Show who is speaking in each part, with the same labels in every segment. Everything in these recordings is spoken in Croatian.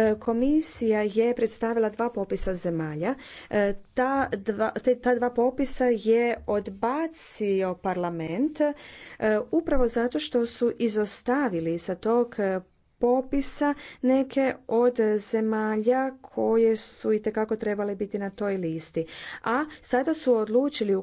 Speaker 1: E, komisija je predstavila dva popisa zemalja. E, ta dva, ta dva popisa je odbacio parlament e, upravo zato što su izostavili sa tog popisa neke od zemalja koje su i tekako trebale biti na toj listi. A sada su odlučili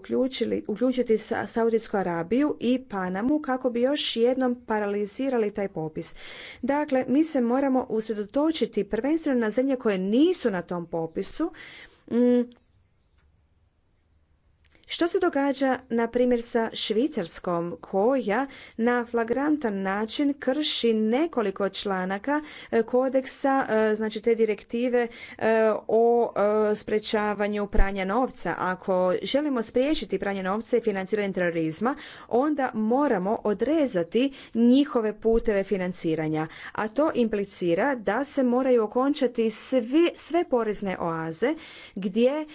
Speaker 1: uključiti Saudijsku Arabiju i Panamu kako bi još jednom paralizirali taj popis. Dakle, mi se moramo usredotočiti prvenstveno na zemlje koje nisu na tom popisu, mm, što se događa, na primjer, sa Švicarskom, koja na flagrantan način krši nekoliko članaka e, kodeksa, e, znači te direktive e, o sprečavanju pranja novca. Ako želimo spriječiti pranje novca i financiranje terorizma, onda moramo odrezati njihove puteve financiranja. A to implicira da se moraju okončati sve porezne oaze gdje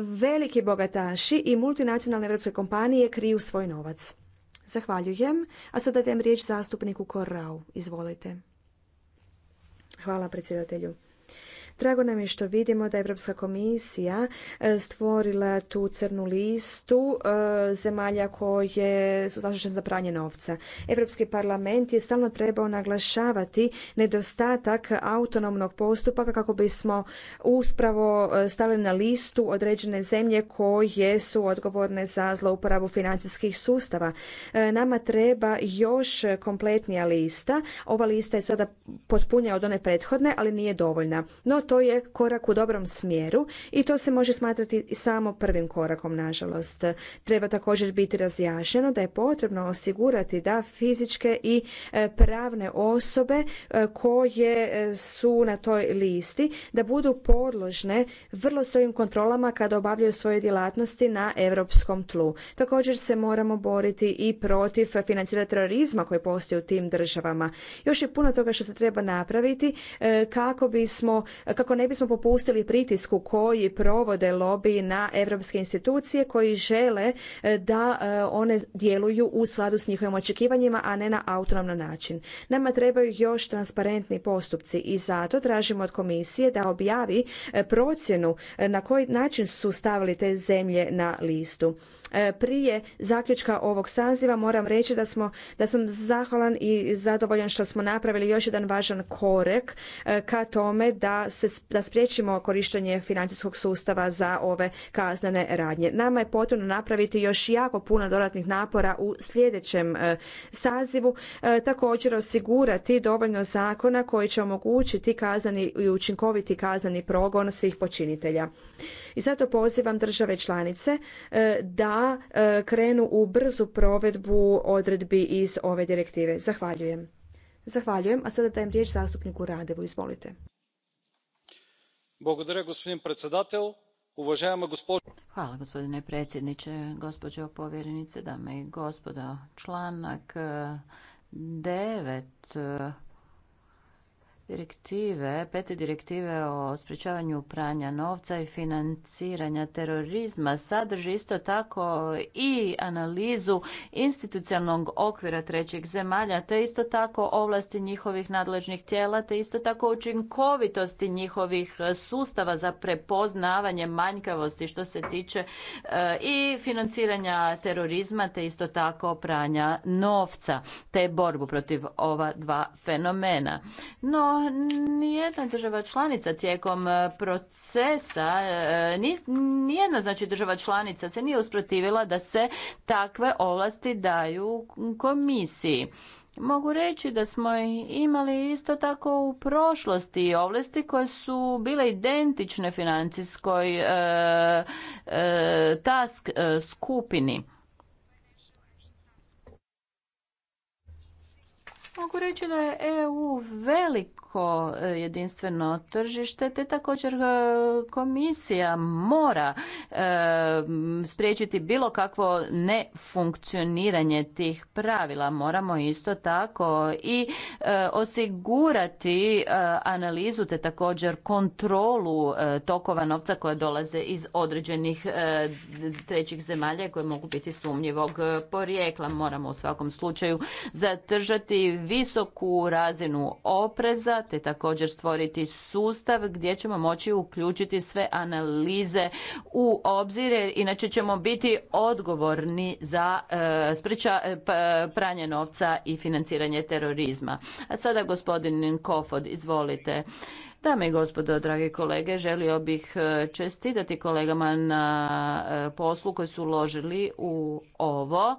Speaker 1: veliki bogataši i multinacionalne evropske kompanije kriju svoj novac. Zahvaljujem. A sada dajem riječ zastupniku Korau. Izvolite. Hvala predsjedatelju. Drago nam je što vidimo da je Europska komisija e, stvorila tu crnu listu e, zemalja koje su zaštićene za pranje novca. Europski parlament je stalno trebao naglašavati nedostatak autonomnog postupaka kako bismo uspravo e, stavili na listu određene zemlje koje su odgovorne za zlouporabu financijskih sustava. Nama treba još kompletnija lista. Ova lista je sada potpunija od one prethodne, ali nije dovoljna. No to je korak u dobrom smjeru i to se može smatrati samo prvim korakom, nažalost. Treba također biti razjašnjeno da je potrebno osigurati da fizičke i e, pravne osobe e, koje e, su na toj listi da budu podložne vrlo strojim kontrolama kada obavljaju svoje djelatnosti na europskom tlu. Također se moramo boriti i protiv financiranja terorizma koji postoji u tim državama. Još je puno toga što se treba napraviti kako bismo kako ne bismo popustili pritisku koji provode lobby na europske institucije koji žele e, da e, one djeluju u skladu s njihovim očekivanjima, a ne na autonoman način. Nama trebaju još transparentni postupci i zato tražimo od komisije da objavi e, procjenu na koji način su stavili te zemlje na listu. Prije zaključka ovog saziva moram reći da, smo, da sam zahvalan i zadovoljan što smo napravili još jedan važan korek ka tome da se da spriječimo korištenje financijskog sustava za ove kaznene radnje. Nama je potrebno napraviti još jako puno dodatnih napora u sljedećem e, sazivu, e, također osigurati dovoljno zakona koji će omogućiti kazneni i učinkoviti kazneni progon svih počinitelja. I zato pozivam države članice e, da krenu u brzu provedbu odredbi iz ove direktive. Zahvaljujem. Zahvaljujem, a sada dajem riječ zastupniku Radevu. Izvolite
Speaker 2: gospodine predsjedatelju
Speaker 3: hvala gospodine predsjedniče gospođo povjerenice dame i gospodo članak devet direktive, pete direktive o sprječavanju pranja novca i financiranja terorizma sadrži isto tako i analizu institucionalnog okvira trećih zemalja, te isto tako ovlasti njihovih nadležnih tijela, te isto tako učinkovitosti njihovih sustava za prepoznavanje manjkavosti što se tiče eh, i financiranja terorizma, te isto tako pranja novca, te borbu protiv ova dva fenomena. No, nijedna država članica tijekom e, procesa, e, nijedna znači država članica se nije usprotivila da se takve ovlasti daju komisiji. Mogu reći da smo imali isto tako u prošlosti ovlasti koje su bile identične financijskoj e, task skupini. Mogu reći da je EU velik E, jedinstveno tržište, te također e, komisija mora e, spriječiti bilo kakvo nefunkcioniranje tih pravila. Moramo isto tako i osigurati analizu te također kontrolu tokova novca koje dolaze iz određenih trećih zemalja koje mogu biti sumnjivog porijekla. Moramo u svakom slučaju zadržati visoku razinu opreza te također stvoriti sustav gdje ćemo moći uključiti sve analize u obzire, inače ćemo biti odgovorni za e, e, pranje novca i financiranje terorizma. A sada gospodin Kofod, izvolite. Dame i gospodo, drage kolege, želio bih e, čestitati kolegama na poslu koji su uložili u ovo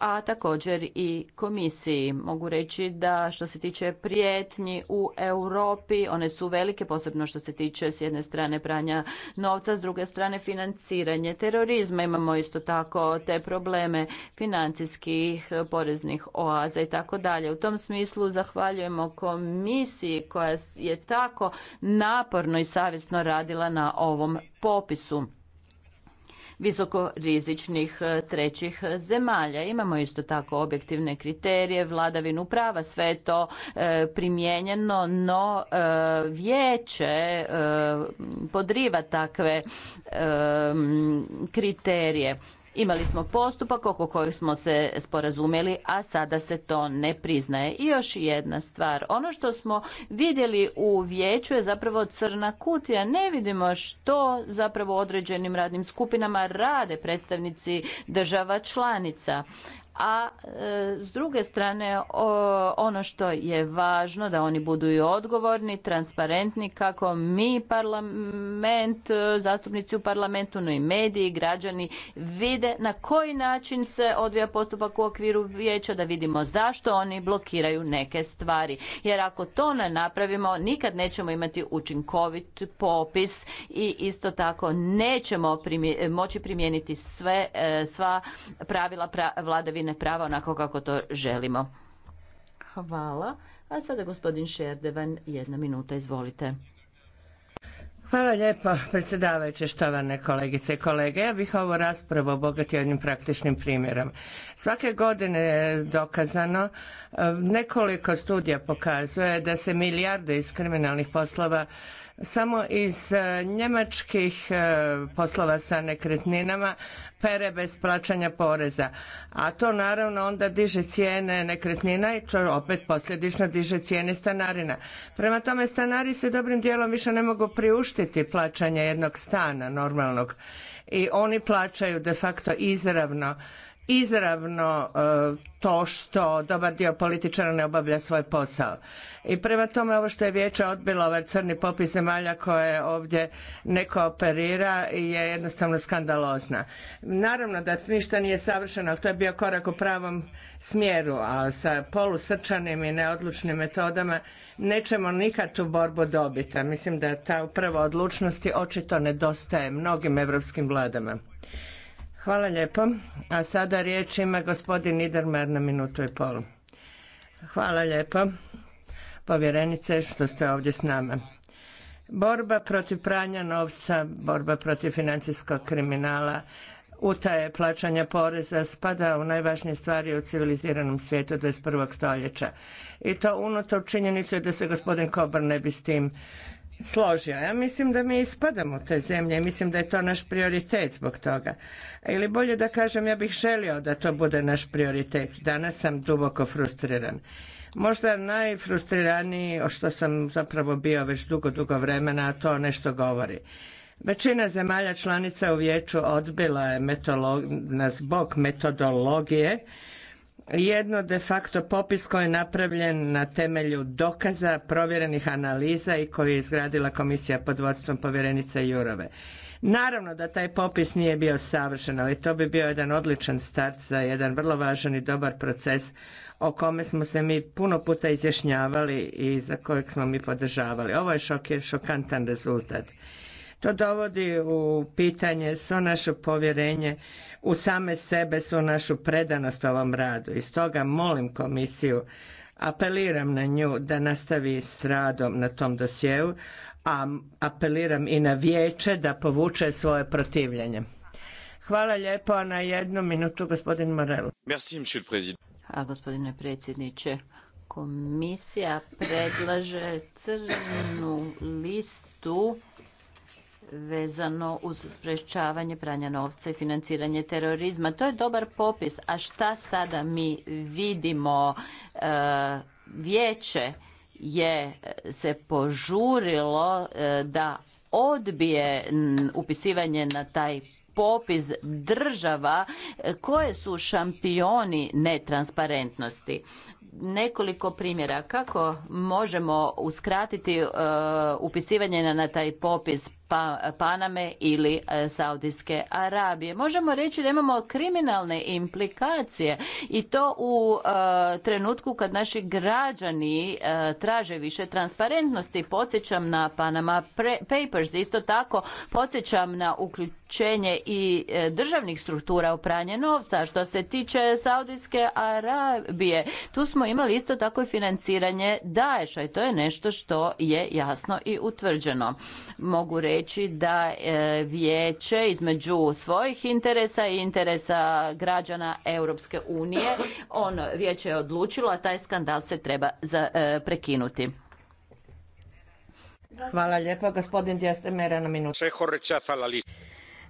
Speaker 3: a također i komisiji. Mogu reći da što se tiče prijetnji u Europi, one su velike, posebno što se tiče s jedne strane pranja novca, s druge strane financiranje terorizma. Imamo isto tako te probleme financijskih poreznih oaza i tako dalje. U tom smislu zahvaljujemo komisiji koja je tako naporno i savjesno radila na ovom popisu visokorizičnih e, trećih e, zemalja. Imamo isto tako objektivne kriterije, vladavinu prava, sve je to e, primijenjeno, no vijeće podriva takve kriterije. Imali smo postupak oko kojeg smo se sporazumeli a sada se to ne priznaje. I još jedna stvar. Ono što smo vidjeli u vijeću je zapravo crna kutija. Ne vidimo što zapravo određenim radnim skupinama rade predstavnici država članica a e, s druge strane ono što je važno da oni budu i odgovorni, transparentni kako mi parlament, e, zastupnici u parlamentu, no i mediji, građani vide na koji način se odvija postupak u okviru vijeća da vidimo zašto oni blokiraju neke stvari. Jer ako to ne napravimo, nikad nećemo imati učinkovit popis i isto tako nećemo moći primijeniti sve, e, sva pravila vladavine vladavine prava onako kako to želimo. Hvala. A sada gospodin Šerdevan, jedna minuta, izvolite.
Speaker 4: Hvala lijepo predsjedavajući štovane kolegice i kolege. Ja bih ovu raspravu obogatio jednim praktičnim primjerom. Svake godine je dokazano, e, nekoliko studija pokazuje da se milijarde iz kriminalnih poslova samo iz e, njemačkih e, poslova sa nekretninama pere bez plaćanja poreza. A to naravno onda diže cijene nekretnina i to opet posljedično diže cijene stanarina. Prema tome stanari se dobrim dijelom više ne mogu priuštiti plaćanje jednog stana normalnog i oni plaćaju de facto izravno izravno e, to što dobar dio političara ne obavlja svoj posao. I prema tome ovo što je vijeće odbilo ovaj crni popis zemalja koje ovdje neko operira je jednostavno skandalozna. Naravno da ništa nije savršeno, ali to je bio korak u pravom smjeru, a sa polusrčanim i neodlučnim metodama nećemo nikad tu borbu dobiti. A mislim da ta upravo odlučnosti očito nedostaje mnogim europskim vladama. Hvala lijepo. A sada riječ ima gospodin Nidermer na minutu i pol. Hvala lijepo, povjerenice, što ste ovdje s nama. Borba protiv pranja novca, borba protiv financijskog kriminala, utaje plaćanja poreza spada u najvažnije stvari u civiliziranom svijetu 21. stoljeća. I to unutar činjenice da se gospodin Kobar ne bi s tim složio. Ja mislim da mi ispadamo te zemlje i mislim da je to naš prioritet zbog toga. Ili bolje da kažem, ja bih želio da to bude naš prioritet. Danas sam duboko frustriran. Možda najfrustriraniji, o što sam zapravo bio već dugo, dugo vremena, a to nešto govori. Većina zemalja članica u vijeću odbila je zbog metodologije jedno de facto popis koji je napravljen na temelju dokaza, provjerenih analiza i koji je izgradila komisija pod vodstvom povjerenice Jurove. Naravno da taj popis nije bio savršen, ali to bi bio jedan odličan start za jedan vrlo važan i dobar proces o kome smo se mi puno puta izjašnjavali i za kojeg smo mi podržavali. Ovo je, šok, šokantan rezultat. To dovodi u pitanje svo naše povjerenje u same sebe svu našu predanost ovom radu. I stoga molim komisiju, apeliram na nju da nastavi s radom na tom dosjeu, a apeliram i na vijeće da povuče svoje protivljenje. Hvala lijepo na jednu minutu gospodin Morel. A gospodine
Speaker 3: predsjedniče, komisija predlaže crnu listu vezano uz sprečavanje pranja novca i financiranje terorizma. To je dobar popis. A šta sada mi vidimo? E, vijeće je se požurilo e, da odbije upisivanje na taj popis država e, koje su šampioni netransparentnosti nekoliko primjera kako možemo uskratiti upisivanje na, na taj popis pa, Paname ili e, Saudijske Arabije. Možemo reći da imamo kriminalne implikacije i to u e, trenutku kad naši građani e, traže više transparentnosti. Podsjećam na Panama Papers, isto tako podsjećam na uključenje i državnih struktura u pranje novca. Što se tiče Saudijske Arabije, tu smo imali isto tako i financiranje Daesha i to je nešto što je jasno i utvrđeno. Mogu reći reći da e, vijeće između svojih interesa i interesa građana Europske unije, on vijeće je odlučilo, a taj skandal se treba za, e, prekinuti. Hvala lijepo, gospodin Djestemera na minutu.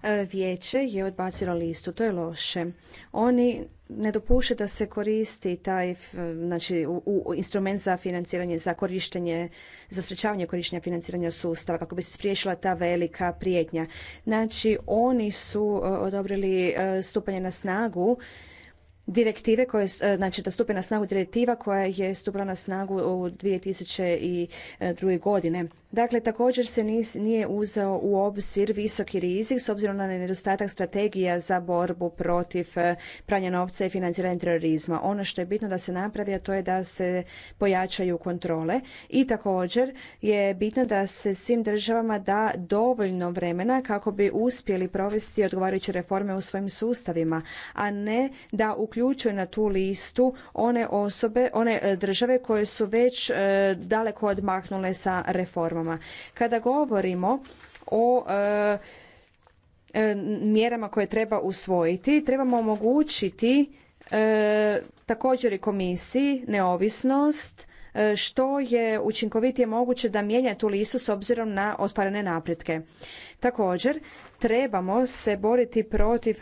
Speaker 3: E, vijeće je
Speaker 1: odbacilo listu, to je loše. Oni ne dopušta da se koristi taj znači, u, instrument za financiranje, za korištenje, za sprječavanje korištenja financiranja sustava kako bi se spriješila ta velika prijetnja. Znači, oni su e, odobrili e, stupanje na snagu direktive koje, e, znači da stupe na snagu direktiva koja je stupila na snagu u 2002. godine. Dakle, također se nije uzeo u obzir visoki rizik s obzirom na nedostatak strategija za borbu protiv e, pranja novca i financiranja terorizma. Ono što je bitno da se napravi, a to je da se pojačaju kontrole i također je bitno da se svim državama da dovoljno vremena kako bi uspjeli provesti odgovarajuće reforme u svojim sustavima, a ne da uključuju na tu listu one osobe, one e, države koje su već e, daleko odmahnule sa reformom kada govorimo o e, e, mjerama koje treba usvojiti, trebamo omogućiti e, također i komisiji neovisnost što je učinkovitije moguće da mijenja tu listu s obzirom na ostvarene napretke. Također, trebamo se boriti protiv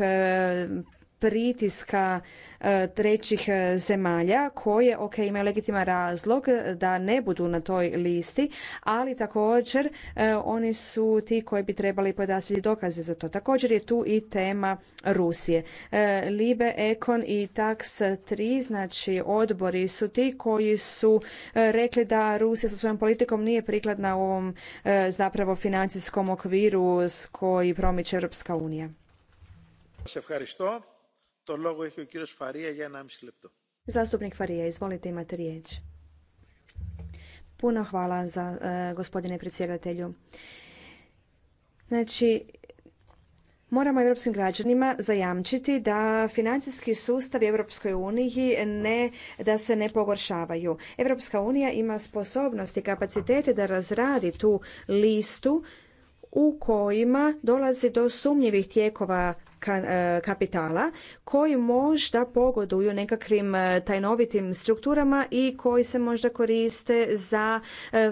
Speaker 1: pritiska e, trećih e, zemalja koje ok imaju legitiman razlog da ne budu na toj listi ali također e, oni su ti koji bi trebali podasiti dokaze za to također je tu i tema rusije libe ekon i tax 3 znači odbori su ti koji su rekli da rusija sa svojom politikom nije prikladna u ovom zapravo financijskom okviru s koji promiče europska unija Zastupnik Farija, izvolite imate riječ. Puno hvala za e, gospodine predsjedatelju. Znači, moramo evropskim građanima zajamčiti da financijski sustav Europskoj uniji ne, da se ne pogoršavaju. Europska unija ima sposobnost i kapacitete da razradi tu listu u kojima dolazi do sumnjivih tijekova E, kapitala koji možda pogoduju nekakvim e, tajnovitim strukturama i koji se možda koriste za e,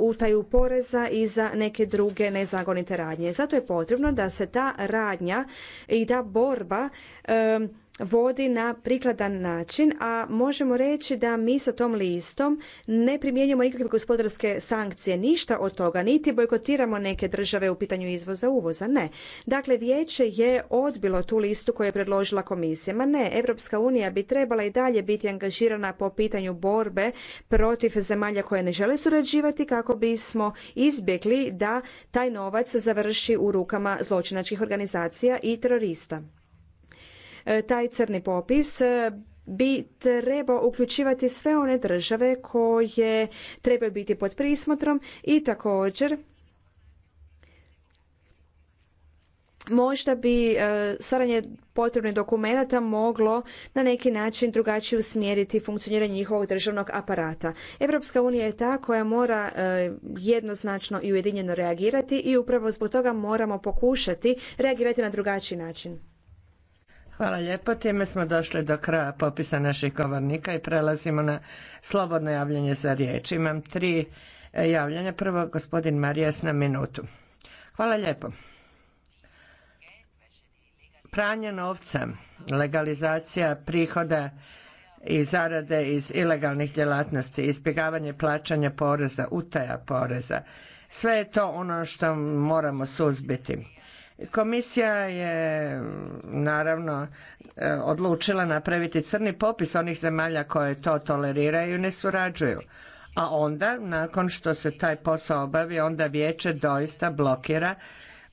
Speaker 1: utaju poreza i za neke druge nezagonite radnje. Zato je potrebno da se ta radnja i ta borba vodi na prikladan način, a možemo reći da mi sa tom listom ne primjenjujemo nikakve gospodarske sankcije, ništa od toga, niti bojkotiramo neke države u pitanju izvoza uvoza, ne. Dakle, vijeće je odbilo tu listu koju je predložila komisija. Ma ne, Evropska unija bi trebala i dalje biti angažirana po pitanju borbe protiv zemalja koje ne žele surađivati kako bismo izbjegli da taj novac završi u rukama zločinačkih organizacija i terorista. E, taj crni popis e, bi trebao uključivati sve one države koje trebaju biti pod prismotrom i također možda bi e, stvaranje potrebnih dokumenata moglo na neki način drugačije usmjeriti funkcioniranje njihovog državnog aparata. Europska unija je ta koja mora jednoznačno i ujedinjeno reagirati i upravo zbog toga moramo pokušati reagirati na drugačiji način.
Speaker 4: Hvala lijepo. Time smo došli do kraja popisa naših govornika i prelazimo na slobodno javljanje za riječ. Imam tri e, javljanja. Prvo gospodin Marijas na minutu. Hvala lijepo. Pranje novca, legalizacija prihoda i zarade iz ilegalnih djelatnosti, izbjegavanje plaćanja poreza, utaja poreza. Sve je to ono što moramo suzbiti Komisija je naravno e, odlučila napraviti crni popis onih zemalja koje to toleriraju i ne surađuju. A onda, nakon što se taj posao obavi, onda vijeće doista blokira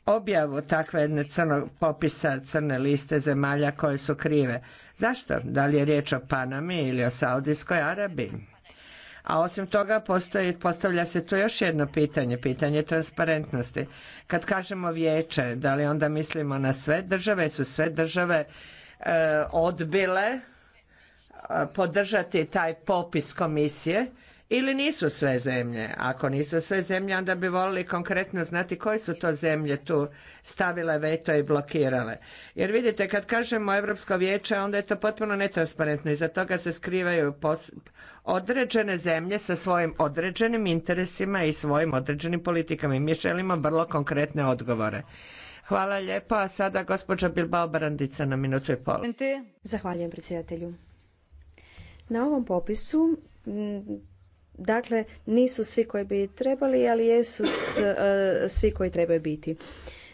Speaker 4: objavu takve jedne crnog popisa crne liste zemalja koje su krive. Zašto? Da li je riječ o Panami ili o Saudijskoj Arabiji? A osim toga postavlja se tu još jedno pitanje, pitanje transparentnosti. Kad kažemo vijeće, da li onda mislimo na sve države, su sve države e, odbile e, podržati taj popis komisije ili nisu sve zemlje. Ako nisu sve zemlje, onda bi volili konkretno znati koje su to zemlje tu stavile veto i blokirale. Jer vidite, kad kažemo Europsko vijeće, onda je to potpuno netransparentno. Iza toga se skrivaju određene zemlje sa svojim određenim interesima i svojim određenim politikama. I mi želimo vrlo konkretne odgovore. Hvala lijepo, a sada gospođa Bilbao Barandica na minutu i pol.
Speaker 1: Zahvaljujem predsjedatelju. Na ovom popisu Dakle, nisu svi koji bi trebali, ali jesu e, svi koji trebaju biti.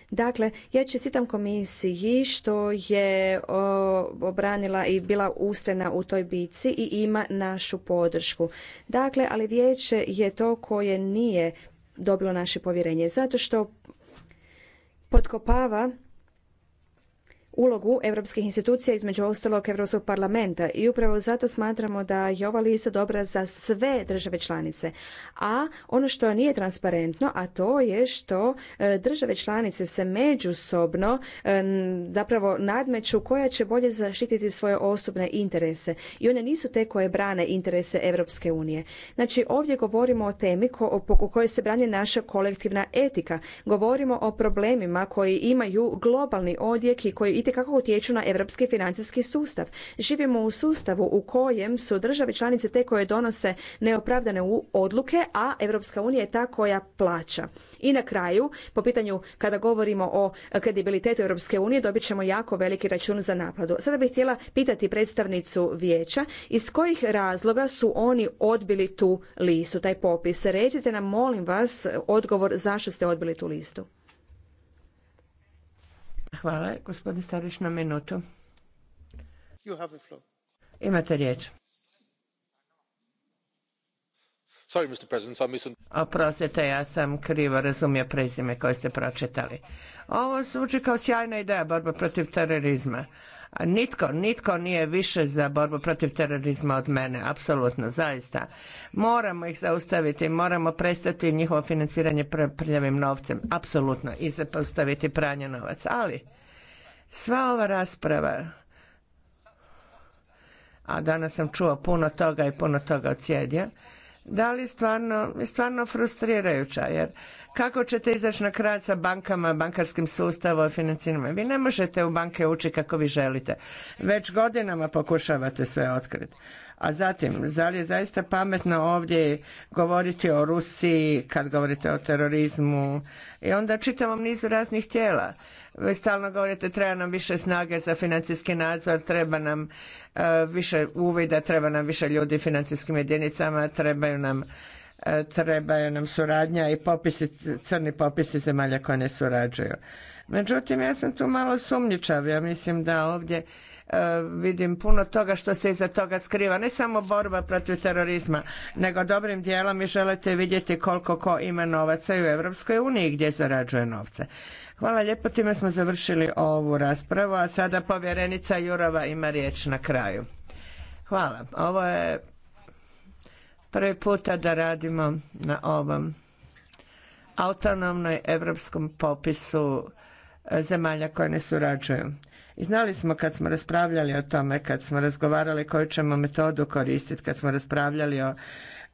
Speaker 1: Dakle, ja čestitam komisiji što je obranila i bila ustrena u toj bici i ima našu podršku. Dakle, ali vijeće je to koje nije dobilo naše povjerenje zato što potkopava ulogu europskih institucija između ostalog Europskog parlamenta i upravo zato smatramo da je ova lista dobra za sve države članice. A ono što nije transparentno, a to je što e, države članice se međusobno e, zapravo nadmeću koja će bolje zaštititi svoje osobne interese i one nisu te koje brane interese Europske unije. Znači ovdje govorimo o temi ko, kojoj se brani naša kolektivna etika. Govorimo o problemima koji imaju globalni odjek i koji kako utječu na europski financijski sustav. Živimo u sustavu u kojem su države članice te koje donose neopravdane odluke, a Europska unija je ta koja plaća. I na kraju, po pitanju kada govorimo o kredibilitetu Europske unije, dobit ćemo jako veliki račun za naplatu. Sada bih htjela pitati predstavnicu vijeća iz kojih razloga su oni odbili tu listu, taj popis. Recite nam, molim vas, odgovor zašto ste odbili tu listu. Hvala. Gospodin Starić
Speaker 4: na minutu. Imate riječ.
Speaker 5: Sorry, Mr. President,
Speaker 4: Oprostite, ja sam krivo razumio prezime koje ste pročitali. Ovo zvuči kao sjajna ideja borba protiv terorizma, Nitko, nitko nije više za borbu protiv terorizma od mene, apsolutno, zaista. Moramo ih zaustaviti, moramo prestati njihovo financiranje prljavim novcem, apsolutno, i zaustaviti pranje novac. Ali, sva ova rasprava, a danas sam čuo puno toga i puno toga od da li stvarno, stvarno frustrirajuća, jer kako ćete izaći na kraj sa bankama, bankarskim sustavom, financijama. Vi ne možete u banke ući kako vi želite. Već godinama pokušavate sve otkriti. A zatim, zar je zaista pametno ovdje govoriti o Rusiji kad govorite o terorizmu i onda čitavom nizu raznih tijela. Vi stalno govorite treba nam više snage za financijski nadzor, treba nam e, više uvida, treba nam više ljudi financijskim jedinicama, trebaju nam E, treba nam suradnja i popisi, crni popisi zemalja koje ne surađuju. Međutim, ja sam tu malo sumnjičav. Ja mislim da ovdje e, vidim puno toga što se iza toga skriva. Ne samo borba protiv terorizma, nego dobrim dijelom i želite vidjeti koliko ko ima novaca i u Europskoj uniji gdje zarađuje novce. Hvala lijepo, time smo završili ovu raspravu, a sada povjerenica Jurova ima riječ na kraju. Hvala. Ovo je prvi puta da radimo na ovom autonomnoj europskom popisu e, zemalja koje ne surađuju. I znali smo kad smo raspravljali o tome, kad smo razgovarali koju ćemo metodu koristiti, kad smo raspravljali o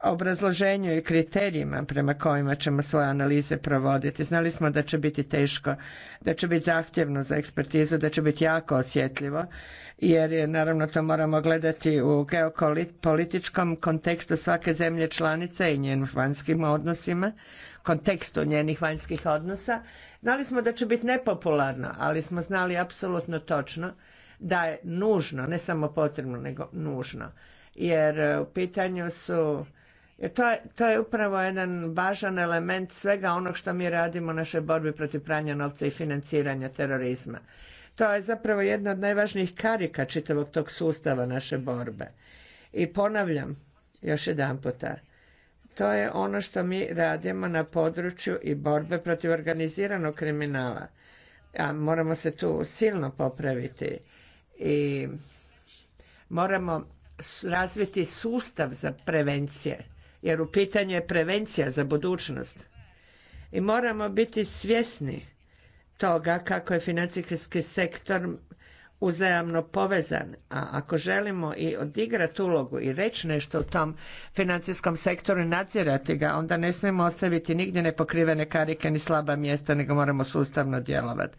Speaker 4: obrazloženju i kriterijima prema kojima ćemo svoje analize provoditi. Znali smo da će biti teško, da će biti zahtjevno za ekspertizu, da će biti jako osjetljivo, jer je, naravno to moramo gledati u geopolitičkom kontekstu svake zemlje članice i njenim vanjskim odnosima, kontekstu njenih vanjskih odnosa. Znali smo da će biti nepopularno, ali smo znali apsolutno točno da je nužno, ne samo potrebno, nego nužno jer u pitanju su jer to je, je upravo jedan važan element svega onog što mi radimo u našoj borbi protiv pranja novca i financiranja terorizma. To je zapravo jedna od najvažnijih karika čitavog tog sustava naše borbe. I ponavljam još jedan puta, to je ono što mi radimo na području i borbe protiv organiziranog kriminala. A moramo se tu silno popraviti i moramo razviti sustav za prevencije jer u pitanju je prevencija za budućnost. I moramo biti svjesni toga kako je financijski sektor uzajamno povezan, a ako želimo i odigrati ulogu i reći nešto u tom financijskom sektoru i nadzirati ga, onda ne smijemo ostaviti nigdje nepokrivene karike ni slaba mjesta, nego moramo sustavno djelovati.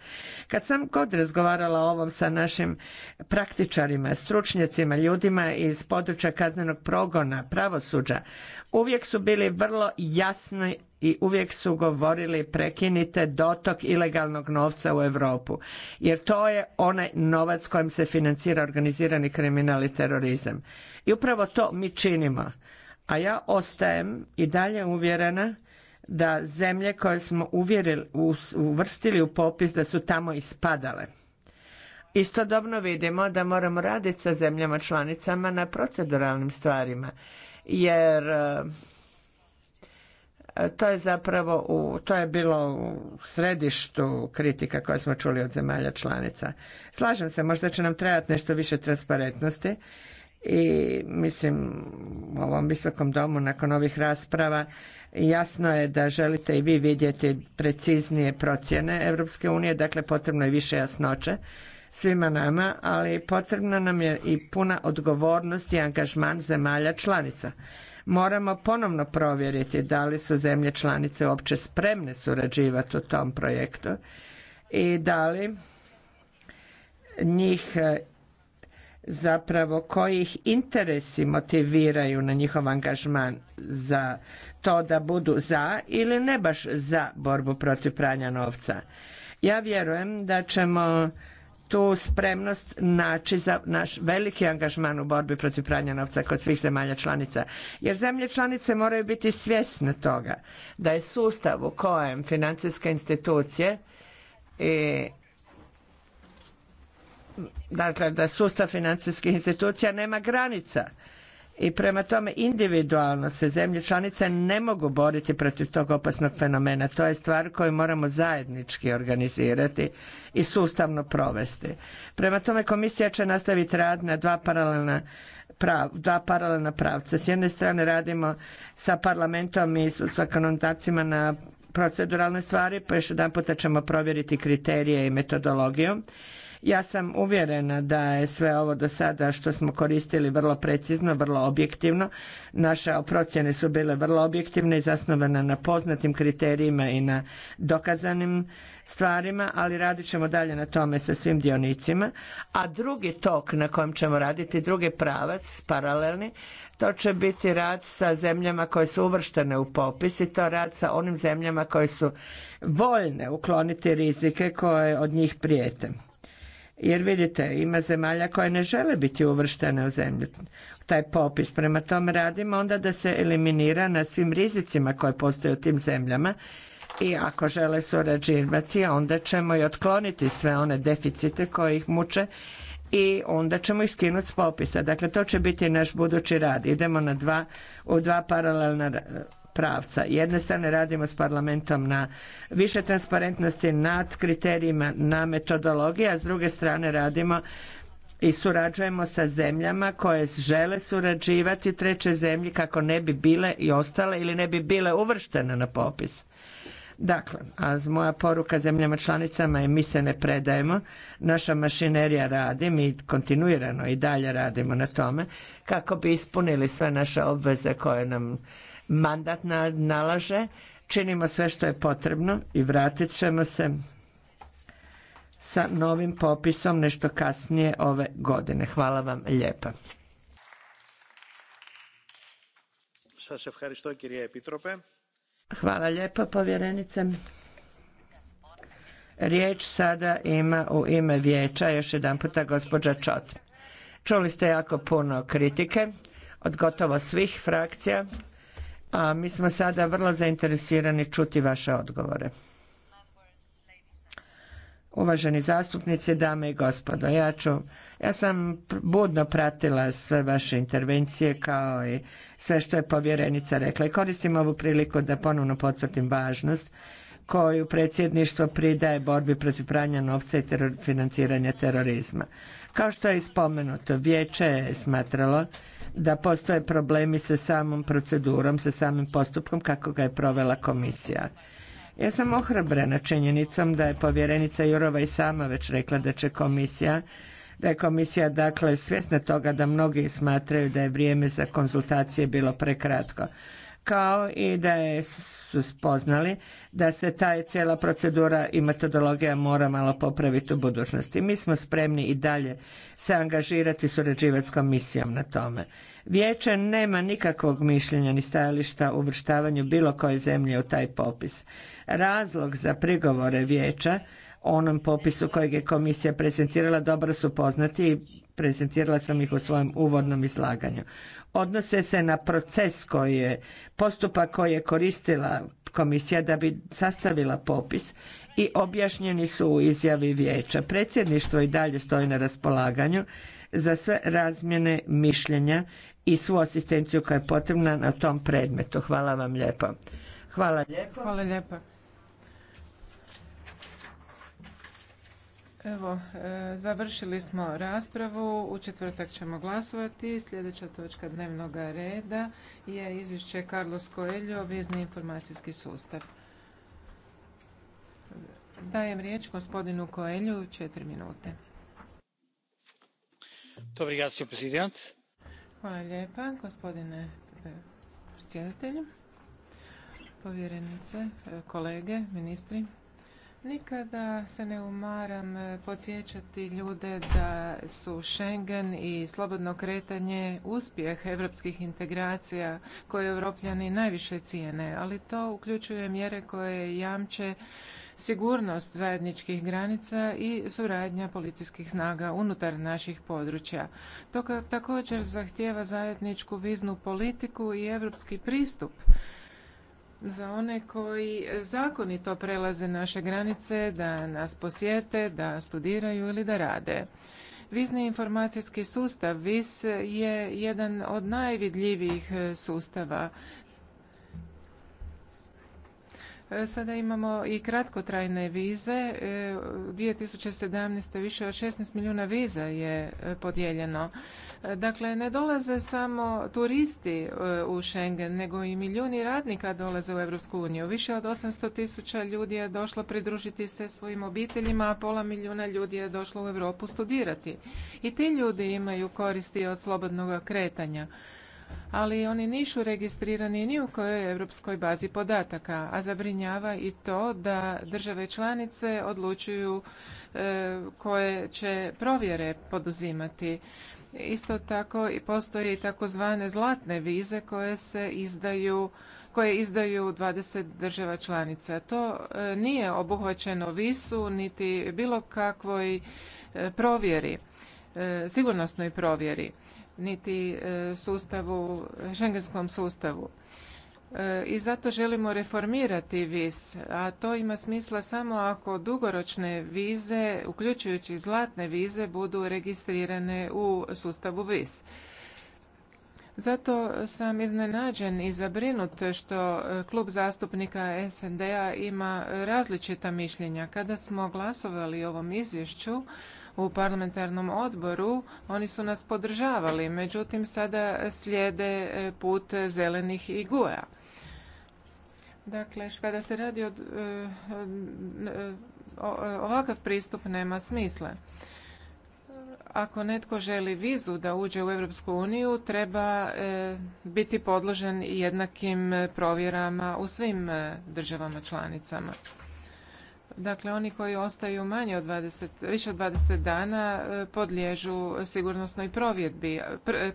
Speaker 4: Kad sam god razgovarala o ovom sa našim praktičarima, stručnjacima, ljudima iz područja kaznenog progona, pravosuđa, uvijek su bili vrlo jasni i uvijek su govorili prekinite dotok ilegalnog novca u Europu jer to je onaj novac kojim se financira organizirani kriminal i terorizam. I upravo to mi činimo. A ja ostajem i dalje uvjerena da zemlje koje smo uvrstili u popis da su tamo ispadale. Istodobno vidimo da moramo raditi sa zemljama članicama na proceduralnim stvarima jer E, to je zapravo u, to je bilo u središtu kritika koje smo čuli od zemalja članica. Slažem se, možda će nam trebati nešto više transparentnosti i mislim u ovom visokom domu nakon ovih rasprava jasno je da želite i vi vidjeti preciznije procjene Europske unije, dakle potrebno je više jasnoće svima nama, ali potrebna nam je i puna odgovornost i angažman zemalja članica moramo ponovno provjeriti da li su zemlje članice uopće spremne surađivati u tom projektu i da li njih e, zapravo koji ih interesi motiviraju na njihov angažman za to da budu za ili ne baš za borbu protiv pranja novca. Ja vjerujem da ćemo tu spremnost naći za naš veliki angažman u borbi protiv pranja novca kod svih zemalja članica. Jer zemlje članice moraju biti svjesne toga da je sustav u kojem financijske institucije i dakle da sustav financijskih institucija nema granica i prema tome individualno se zemlje članice ne mogu boriti protiv tog opasnog fenomena. To je stvar koju moramo zajednički organizirati i sustavno provesti. Prema tome komisija će nastaviti rad na dva paralelna prav, dva paralelna pravca. S jedne strane radimo sa parlamentom i sa konontacima na proceduralne stvari, pa još jedan puta ćemo provjeriti kriterije i metodologiju. Ja sam uvjerena da je sve ovo do sada što smo koristili vrlo precizno, vrlo objektivno. Naše procjene su bile vrlo objektivne i zasnovane na poznatim kriterijima i na dokazanim stvarima, ali radit ćemo dalje na tome sa svim dionicima. A drugi tok na kojem ćemo raditi, drugi pravac, paralelni, to će biti rad sa zemljama koje su uvrštene u popis i to rad sa onim zemljama koje su voljne ukloniti rizike koje od njih prijete. Jer vidite, ima zemalja koje ne žele biti uvrštene u zemlju taj popis. Prema tome radimo onda da se eliminira na svim rizicima koje postoje u tim zemljama i ako žele surađivati onda ćemo i otkloniti sve one deficite koje ih muče i onda ćemo ih skinuti s popisa. Dakle, to će biti naš budući rad. Idemo na dva, u dva paralelna pravca. Jedne strane radimo s parlamentom na više transparentnosti nad kriterijima, na metodologiji, a s druge strane radimo i surađujemo sa zemljama koje žele surađivati treće zemlji kako ne bi bile i ostale ili ne bi bile uvrštene na popis. Dakle, a moja poruka zemljama članicama je mi se ne predajemo, naša mašinerija radi, mi kontinuirano i dalje radimo na tome kako bi ispunili sve naše obveze koje nam mandat nalaže, činimo sve što je potrebno i vratit ćemo se sa novim popisom nešto kasnije ove godine. Hvala vam lijepa. Hvala lijepa povjerenice. Riječ sada ima u ime vijeća još jedan puta gospođa Čot. Čuli ste jako puno kritike od gotovo svih frakcija a mi smo sada vrlo zainteresirani čuti vaše odgovore. Uvaženi zastupnici, dame i gospodo, ja ja sam budno pratila sve vaše intervencije kao i sve što je povjerenica rekla i koristim ovu priliku da ponovno potvrdim važnost koju predsjedništvo pridaje borbi protiv pranja novca i financiranja terorizma. Kao što je spomenuto, vijeće je smatralo da postoje problemi sa samom procedurom, sa samim postupkom kako ga je provela komisija. Ja sam ohrabrena činjenicom da je povjerenica Jurova i sama već rekla da će komisija da je komisija dakle svjesna toga da mnogi smatraju da je vrijeme za konzultacije bilo prekratko kao i da je su spoznali da se ta cijela procedura i metodologija mora malo popraviti u budućnosti. Mi smo spremni i dalje se angažirati s s misijom na tome. Vijeće nema nikakvog mišljenja ni stajališta u vrštavanju bilo koje zemlje u taj popis. Razlog za prigovore vijeća onom popisu kojeg je komisija prezentirala dobro su poznati i prezentirala sam ih u svojem uvodnom izlaganju odnose se na proces koji je, postupak koji je koristila komisija da bi sastavila popis i objašnjeni su u izjavi vijeća. Predsjedništvo i dalje stoji na raspolaganju za sve razmjene mišljenja i svu asistenciju koja je potrebna na tom predmetu. Hvala vam lijepo. lijepo.
Speaker 6: Hvala lijepo. Evo, e, završili smo raspravu. U četvrtak ćemo glasovati. Sljedeća točka dnevnog reda je izvješće Carlos Coelho, vizni informacijski sustav. Dajem riječ gospodinu Coelho, četiri minute. Hvala lijepa, gospodine e, predsjedatelju, povjerenice, e, kolege, ministri. Nikada se ne umaram e, podsjećati ljude da su Schengen i slobodno kretanje uspjeh europskih integracija koje evropljani najviše cijene, ali to uključuje mjere koje jamče sigurnost zajedničkih granica i suradnja policijskih snaga unutar naših područja. To također zahtijeva zajedničku viznu politiku i europski pristup za one koji zakonito prelaze naše granice, da nas posjete, da studiraju ili da rade. Vizni informacijski sustav, VIS, je jedan od najvidljivijih sustava Sada imamo i kratkotrajne vize. 2017. E, više od 16 milijuna viza je e, podijeljeno. E, dakle, ne dolaze samo turisti u Schengen, nego i milijuni radnika dolaze u Europsku uniju. Više od 800 tisuća ljudi je došlo pridružiti se svojim obiteljima, a pola milijuna ljudi je došlo u Europu studirati. I ti ljudi imaju koristi od slobodnog kretanja ali oni nisu registrirani ni u kojoj europskoj bazi podataka, a zabrinjava i to da države članice odlučuju e, koje će provjere poduzimati. Isto tako i postoje i takozvane zlatne vize koje se izdaju koje izdaju 20 država članica. To e, nije obuhvaćeno visu niti bilo kakvoj e, provjeri, sigurnosnoj provjeri niti e, sustavu, šengenskom sustavu. E, I zato želimo reformirati VIS, a to ima smisla samo ako dugoročne vize, uključujući zlatne vize, budu registrirane u sustavu VIS. Zato sam iznenađen i zabrinut što e, klub zastupnika SND-a ima različita mišljenja. Kada smo glasovali o ovom izvješću, u parlamentarnom odboru, oni su nas podržavali, međutim sada slijede e, put zelenih i guja. Dakle, kada se radi e, e, ovakav pristup nema smisla. Ako netko želi vizu da uđe u Europsku uniju, treba biti podložen jednakim provjerama u svim državama članicama. Dakle, oni koji ostaju manje od 20, više od 20 dana e, podliježu sigurnosnoj provjedbi,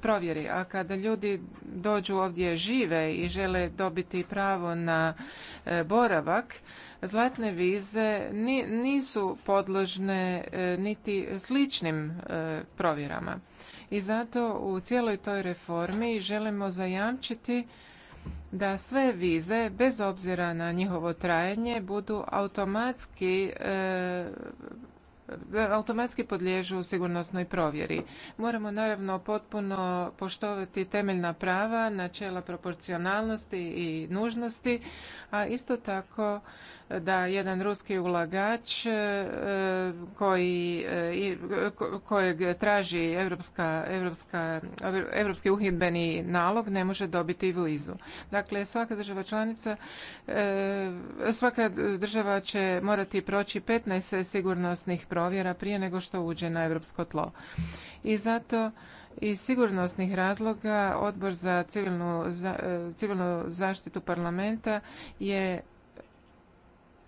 Speaker 6: provjeri, a kada ljudi dođu ovdje žive i žele dobiti pravo na e, boravak, zlatne vize nisu podložne e, niti sličnim provjerama. I zato u cijeloj toj reformi želimo zajamčiti da sve vize bez obzira na njihovo trajanje budu automatski e, E, automatski podliježu sigurnosnoj provjeri. Moramo naravno potpuno poštovati temeljna prava, načela proporcionalnosti i nužnosti, a isto tako da jedan ruski ulagač e, koji, e, kojeg traži evropska, evropska, evropski uhidbeni nalog ne može dobiti vizu. Dakle, svaka država članica, svaka država će morati proći 15 sigurnosnih ovjera prije nego što uđe na europsko tlo. I zato iz sigurnosnih razloga Odbor za civilnu, za, e, civilnu zaštitu parlamenta je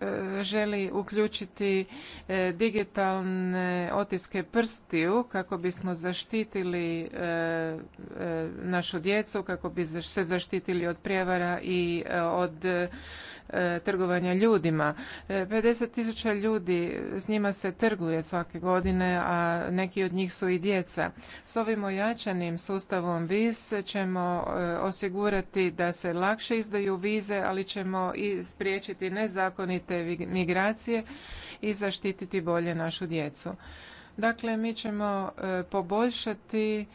Speaker 6: e, želi uključiti e, digitalne otiske prstiju kako bismo zaštitili našu djecu, kako bi se zaštitili od prijevara i od E, trgovanja ljudima. 50 e, tisuća ljudi, s njima se trguje svake godine, a neki od njih su i djeca. S ovim ojačanim sustavom viz ćemo e, osigurati da se lakše izdaju vize, ali ćemo i spriječiti nezakonite migracije i zaštititi bolje našu djecu. Dakle, mi ćemo poboljšati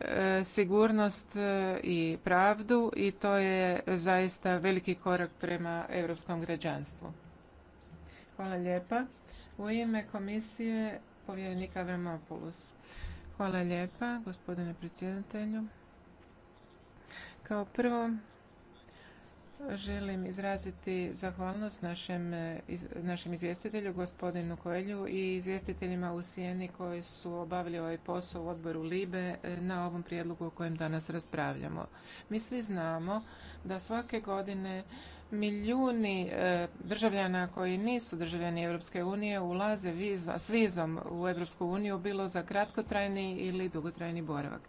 Speaker 6: E, sigurnost e, i pravdu i to je zaista veliki korak prema europskom građanstvu. Hvala lijepa. U ime komisije povjerenik Avramopoulos. Hvala lijepa gospodine predsjedatelju. Kao prvo Želim izraziti zahvalnost našem, izvjestitelju, gospodinu Koelju i izvjestiteljima u Sijeni koji su obavili ovaj posao u odboru Libe e, na ovom prijedlogu o kojem danas raspravljamo. Mi svi znamo da svake godine milijuni e, državljana koji nisu državljani Europske unije ulaze s vizom u Europsku uniju bilo za kratkotrajni ili dugotrajni boravak.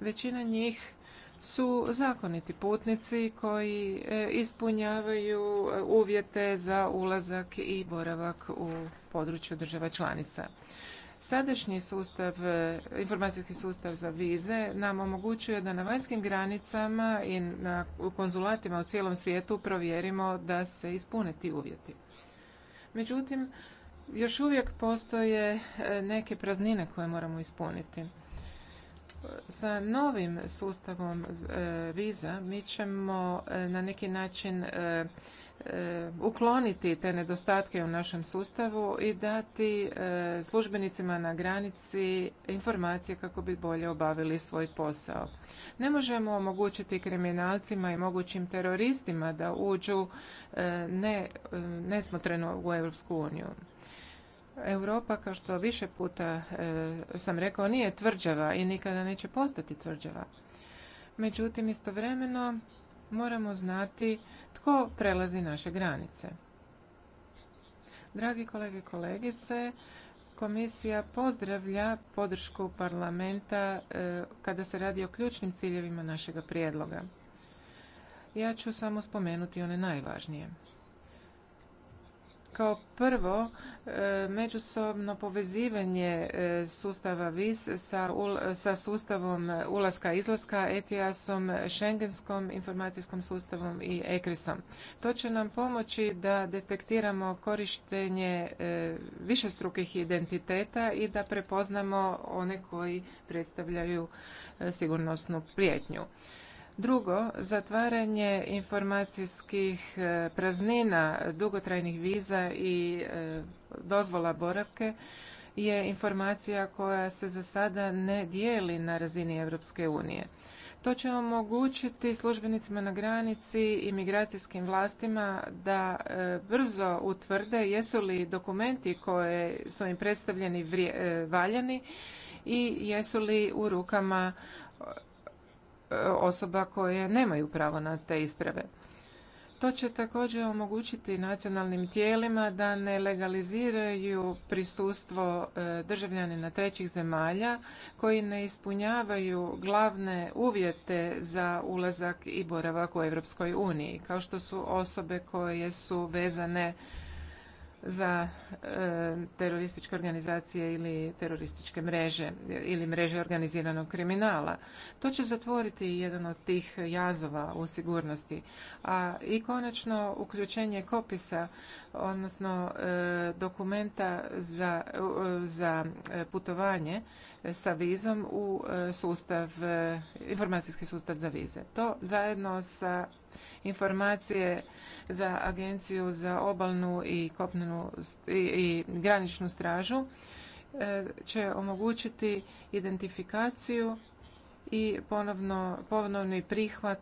Speaker 6: Većina njih su zakoniti putnici koji e, ispunjavaju e, uvjete za ulazak i boravak u području država članica. Sadašnji sustav, e, informacijski sustav za vize nam omogućuje da na vanjskim granicama i na konzulatima u cijelom svijetu provjerimo da se ispune ti uvjeti. Međutim, još uvijek postoje neke praznine koje moramo ispuniti sa novim sustavom e, viza mi ćemo e, na neki način e, ukloniti te nedostatke u našem sustavu i dati službenicima na granici informacije kako bi bolje obavili svoj posao. Ne možemo omogućiti kriminalcima i mogućim teroristima da uđu nesmotreno u Europsku uniju. Europa, kao što više puta e, sam rekao, nije tvrđava i nikada neće postati tvrđava. Međutim, istovremeno moramo znati tko prelazi naše granice. Dragi kolege i kolegice, komisija pozdravlja podršku parlamenta e, kada se radi o ključnim ciljevima našega prijedloga. Ja ću samo spomenuti one najvažnije. Kao prvo, e, međusobno povezivanje e, sustava VIS sa, sustavom ulaska i izlaska, ETIAS-om, Schengenskom informacijskom sustavom i ECRIS-om. To će nam pomoći da detektiramo korištenje e, višestrukih identiteta i da prepoznamo one koji predstavljaju sigurnosnu prijetnju. Drugo, zatvaranje informacijskih e, praznina dugotrajnih viza i e, dozvola boravke je informacija koja se za sada ne dijeli na razini Europske unije. To će omogućiti službenicima na granici i migracijskim vlastima da e, brzo utvrde jesu li dokumenti koje su im predstavljeni valjani i jesu li u rukama E, osoba koje nemaju pravo na te isprave. To će također omogućiti nacionalnim tijelima da ne legaliziraju prisustvo e, državljanina trećih zemalja koji ne ispunjavaju glavne uvjete za ulazak i boravak u Europskoj uniji, kao što su osobe koje su vezane za eh, terorističke organizacije ili terorističke mreže ili mreže organiziranog kriminala. To će zatvoriti jedan od tih jazova u sigurnosti. A i konačno uključenje kopisa, odnosno eh, dokumenta za, eh, za putovanje sa vizom u e, sustav, e, informacijski sustav za vize. To zajedno sa informacije za agenciju za obalnu i kopnenu i, i graničnu stražu e, će omogućiti identifikaciju i ponovno, ponovni prihvat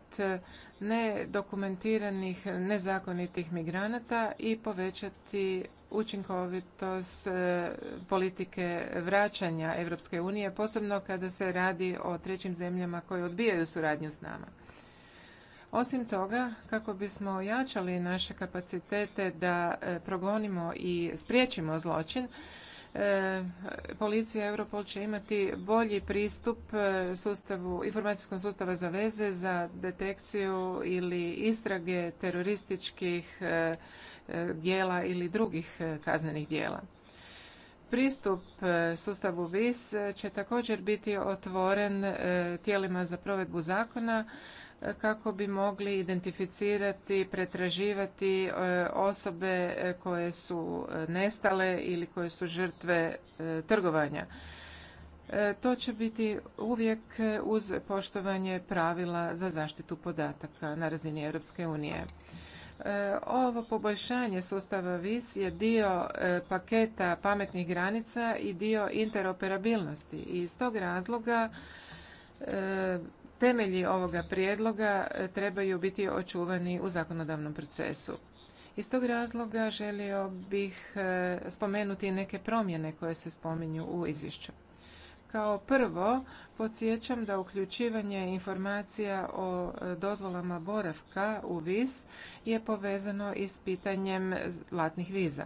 Speaker 6: nedokumentiranih nezakonitih migranata i povećati učinkovitost e, politike vraćanja Europske unije, posebno kada se radi o trećim zemljama koje odbijaju suradnju s nama. Osim toga, kako bismo jačali naše kapacitete da e, progonimo i spriječimo zločin, e, policija Europol će imati bolji pristup sustavu, informacijskom sustava za veze za detekciju ili istrage terorističkih E, dijela ili drugih e, kaznenih dijela. Pristup e, sustavu VIS će također biti otvoren tijelima za provedbu zakona kako bi mogli identificirati, pretraživati osobe koje su nestale ili koje su žrtve trgovanja. To će biti uvijek uz poštovanje pravila za zaštitu podataka na razini Europske unije. E, ovo poboljšanje sustava VIS je dio e, paketa pametnih granica i dio interoperabilnosti i iz tog razloga e, temelji ovoga prijedloga trebaju biti očuvani u zakonodavnom procesu. Iz tog razloga želio bih spomenuti neke promjene koje se spominju u izvješću. Kao prvo, podsjećam da uključivanje informacija o e, dozvolama boravka u VIS je povezano i s pitanjem zlatnih viza.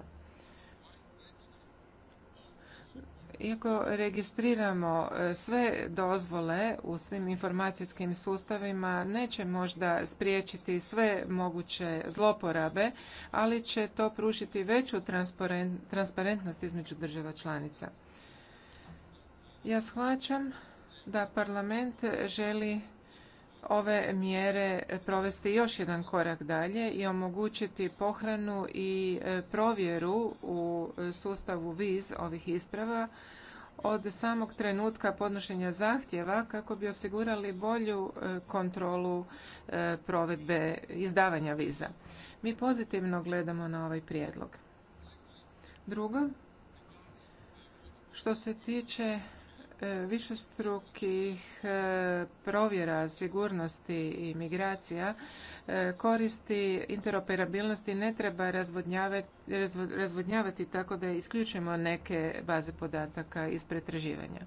Speaker 6: Iako registriramo e, sve dozvole u svim informacijskim sustavima, neće možda spriječiti sve moguće zloporabe, ali će to pružiti veću transparentnost između država članica. Ja shvaćam da parlament želi ove mjere provesti još jedan korak dalje i omogućiti pohranu i e, provjeru u sustavu viz ovih isprava od samog trenutka podnošenja zahtjeva kako bi osigurali bolju e, kontrolu e, provedbe izdavanja viza. Mi pozitivno gledamo na ovaj prijedlog. Drugo, što se tiče E, višestrukih e, provjera sigurnosti i migracija e, koristi interoperabilnosti ne treba razvodnjavati tako da isključimo neke baze podataka iz pretraživanja.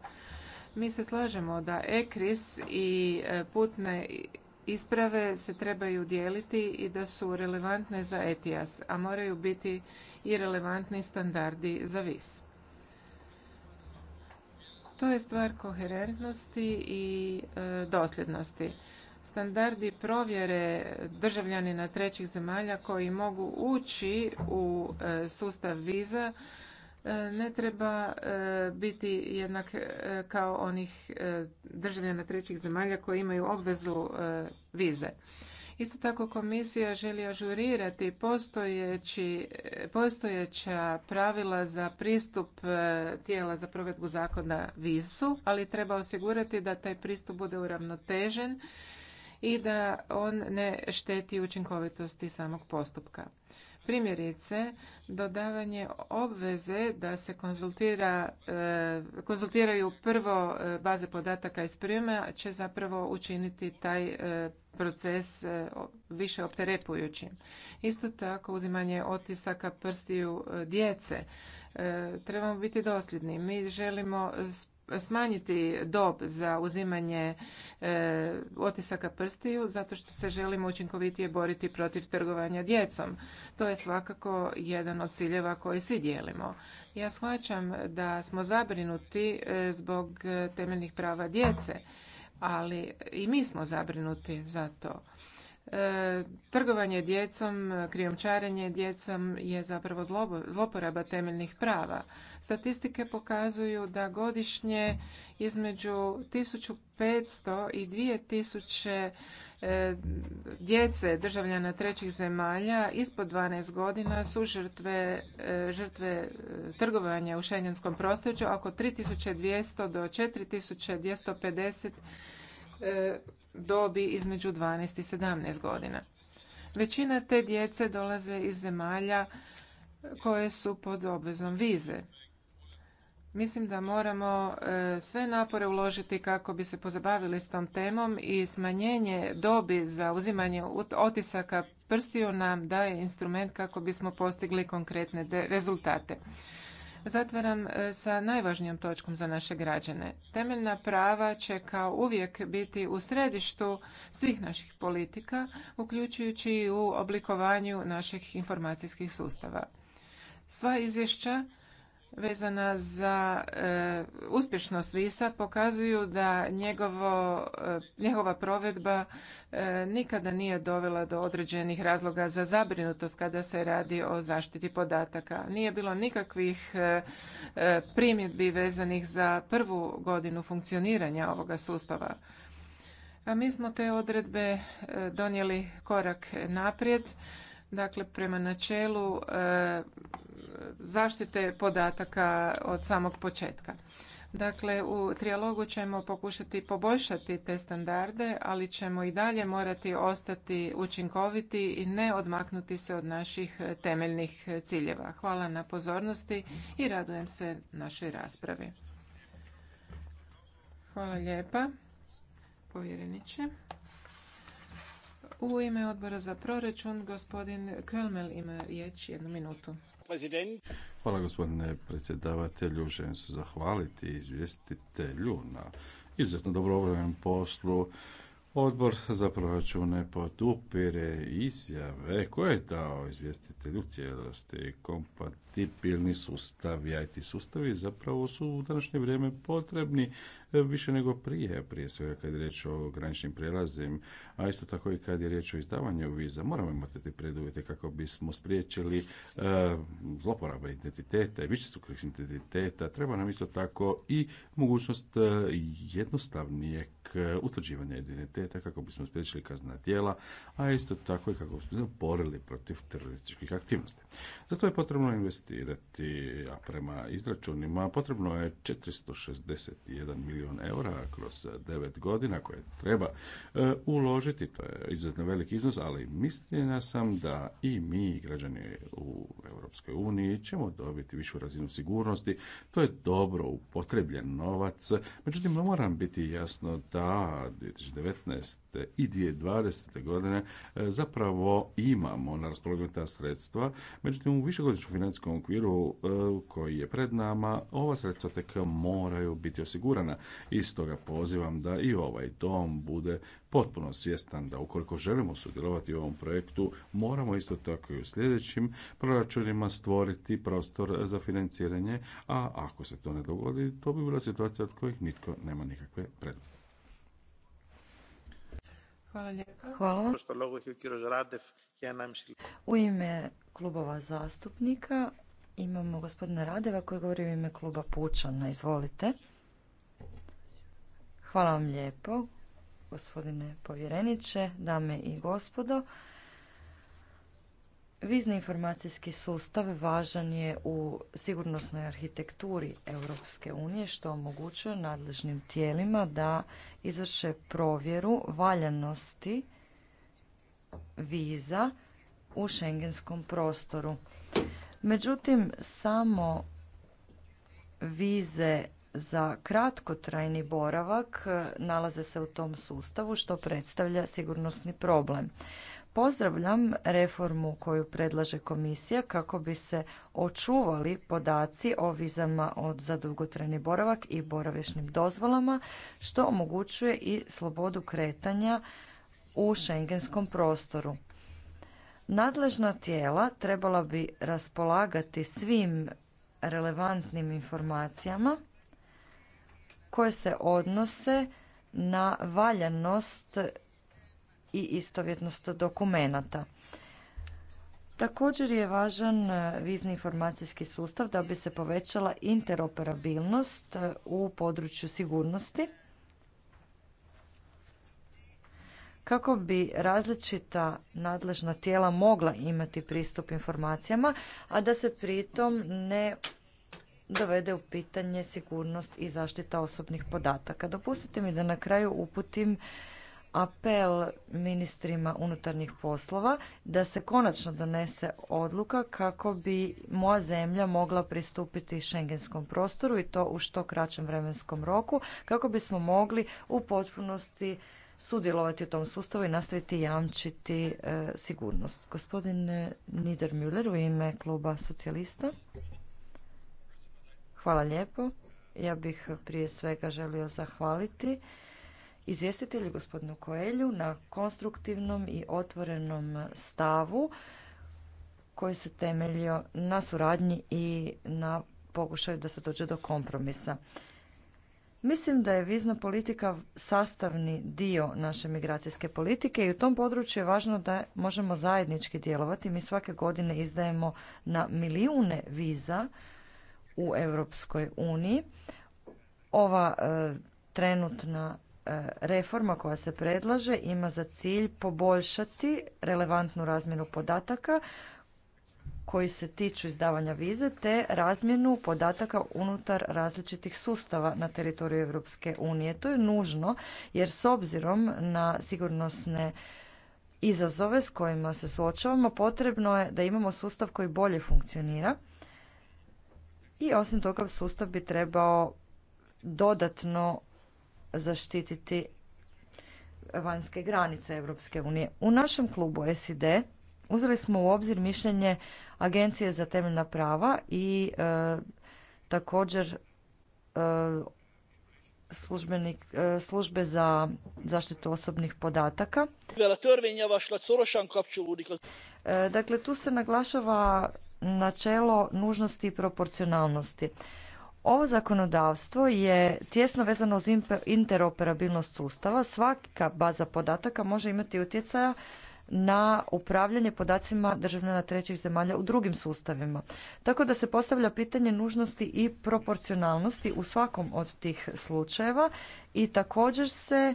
Speaker 6: Mi se slažemo da ECRIS i putne isprave se trebaju dijeliti i da su relevantne za ETIAS, a moraju biti i relevantni standardi za VIS. To je stvar koherentnosti i e, dosljednosti. Standardi provjere državljanina trećih zemalja koji mogu ući u e, sustav viza e, ne treba biti jednak kao onih državljana trećih zemalja koji imaju obvezu vize. Isto tako komisija želi ažurirati postojeća pravila za pristup e, tijela za provedbu zakona visu, ali treba osigurati da taj pristup bude uravnotežen i da on ne šteti učinkovitosti samog postupka. Primjerice, dodavanje obveze da se konzultira, e, konzultiraju prvo e, baze podataka iz prijema će zapravo učiniti taj e, proces više opterepujućim. Isto tako uzimanje otisaka prstiju djece trebamo biti dosljedni. Mi želimo smanjiti dob za uzimanje e, otisaka prstiju zato što se želimo učinkovitije boriti protiv trgovanja djecom. To je svakako jedan od ciljeva koji svi dijelimo. Ja shvaćam da smo zabrinuti e, zbog temeljnih prava djece, ali i mi smo zabrinuti za to. E, trgovanje djecom, krijomčarenje djecom je zapravo zloporaba temeljnih prava. Statistike pokazuju da godišnje između 1500 i 2000 e, djece državljana trećih zemalja ispod 12 godina su žrtve, e, žrtve trgovanja u šengenskom prostoru, oko 3200 do 4250 E, dobi između 12 i 17 godina. Većina te djece dolaze iz zemalja koje su pod obvezom vize. Mislim da moramo e, sve napore uložiti kako bi se pozabavili s tom temom i smanjenje dobi za uzimanje otisaka prstiju nam daje instrument kako bismo postigli konkretne rezultate. Zatvaram e, sa najvažnijom točkom za naše građane. Temeljna prava će kao uvijek biti u središtu svih naših politika, uključujući i u oblikovanju naših informacijskih sustava. Sva izvješća vezana za e, uspješnost visa pokazuju da njegovo, e, njegova provedba e, nikada nije dovela do određenih razloga za zabrinutost kada se radi o zaštiti podataka. Nije bilo nikakvih primjedbi vezanih za prvu godinu funkcioniranja ovoga sustava. A mi smo te odredbe donijeli korak naprijed, dakle prema načelu zaštite podataka od samog početka. Dakle, u trijalogu ćemo pokušati poboljšati te standarde, ali ćemo i dalje morati ostati učinkoviti i ne odmaknuti se od naših temeljnih ciljeva. Hvala na pozornosti i radujem se našoj raspravi. Hvala lijepa, povjereniče. U ime odbora za proračun, gospodin Kölmel ima riječ jednu minutu.
Speaker 2: Hvala gospodine predsjedavatelju. Želim se zahvaliti izvjestitelju na izuzetno dobrovoljenom poslu. Odbor za proračune podupire izjave koje je dao izvjestitelju cijelosti. Kompatibilni i IT sustavi zapravo su u današnje vrijeme potrebni E, više nego prije, prije svega kad je riječ o graničnim prijelazim, a isto tako i kad je riječ o izdavanju viza. Moramo imati te preduvjete kako bismo spriječili e, zloporabe identiteta i više su identiteta. Treba nam isto tako i mogućnost e, jednostavnijeg E, utvrđivanja identiteta kako bismo spriječili kaznena djela, a isto tako i kako bismo borili protiv terorističkih aktivnosti. Zato je potrebno investirati, a prema izračunima potrebno je 461 milijun eura kroz 9 godina koje treba e, uložiti. To je izuzetno veliki iznos, ali mislina sam da i mi, građani u Europskoj uniji, ćemo dobiti višu razinu sigurnosti. To je dobro upotrebljen novac. Međutim, moram biti jasno da da 2019. i 2020. godine e, zapravo imamo na raspolaganju ta sredstva, međutim u višegodišnjem financijskom okviru e, koji je pred nama ova sredstva tek moraju biti osigurana. I stoga pozivam da i ovaj dom bude potpuno svjestan da ukoliko želimo sudjelovati u ovom projektu, moramo isto tako i u sljedećim proračunima stvoriti prostor za financiranje, a ako se to ne dogodi, to bi bila situacija od kojih nitko nema nikakve prednosti.
Speaker 7: U ime klubova zastupnika imamo gospodina Radeva koji govori u ime kluba Pučana. Izvolite. Hvala vam lijepo, gospodine povjereniče, dame i gospodo. Vizni informacijski sustav važan je u sigurnosnoj arhitekturi Europske unije što omogućuje nadležnim tijelima da izvrše provjeru valjanosti viza u šengenskom prostoru. Međutim, samo vize za kratkotrajni boravak nalaze se u tom sustavu što predstavlja sigurnosni problem. Pozdravljam reformu koju predlaže komisija kako bi se očuvali podaci o vizama od za dugotrajni boravak i boravišnim dozvolama, što omogućuje i slobodu kretanja u Schengenskom prostoru. Nadležna tijela trebala bi raspolagati svim relevantnim informacijama koje se odnose na valjanost i istovjetnost dokumenata. Također je važan e, vizni informacijski sustav da bi se povećala interoperabilnost e, u području sigurnosti kako bi različita nadležna tijela mogla imati pristup informacijama, a da se pritom ne dovede u pitanje sigurnost i zaštita osobnih podataka. Dopustite mi da na kraju uputim apel ministrima unutarnjih poslova da se konačno donese odluka kako bi moja zemlja mogla pristupiti schengenskom prostoru i to u što kraćem vremenskom roku kako bismo mogli u potpunosti sudjelovati u tom sustavu i nastaviti jamčiti e, sigurnost. Gospodin Niedermüller u ime kluba socijalista. Hvala lijepo. Ja bih prije svega želio zahvaliti Izvjestitelji gospodinu Koelju na konstruktivnom i otvorenom stavu koji se temeljio na suradnji i na pokušaju da se dođe do kompromisa. Mislim da je vizna politika sastavni dio naše migracijske politike i u tom području je važno da možemo zajednički djelovati. Mi svake godine izdajemo na milijune viza u Europskoj uniji. Ova e, trenutna E, reforma koja se predlaže ima za cilj poboljšati relevantnu razmjenu podataka koji se tiču izdavanja vize te razmjenu podataka unutar različitih sustava na teritoriju Europske unije. To je nužno jer s obzirom na sigurnosne izazove s kojima se suočavamo potrebno je da imamo sustav koji bolje funkcionira i osim toga sustav bi trebao dodatno zaštititi vanjske granice Europske unije. U našem klubu SID uzeli smo u obzir mišljenje Agencije za temeljna prava i e, također e, službenik, e, službe za zaštitu osobnih podataka. Dakle, tu se naglašava načelo nužnosti i proporcionalnosti. Ovo zakonodavstvo je tjesno vezano uz interoperabilnost sustava. Svaka baza podataka može imati utjecaja na upravljanje podacima državljana trećih zemalja u drugim sustavima. Tako da se postavlja pitanje nužnosti i proporcionalnosti u svakom od tih slučajeva i također se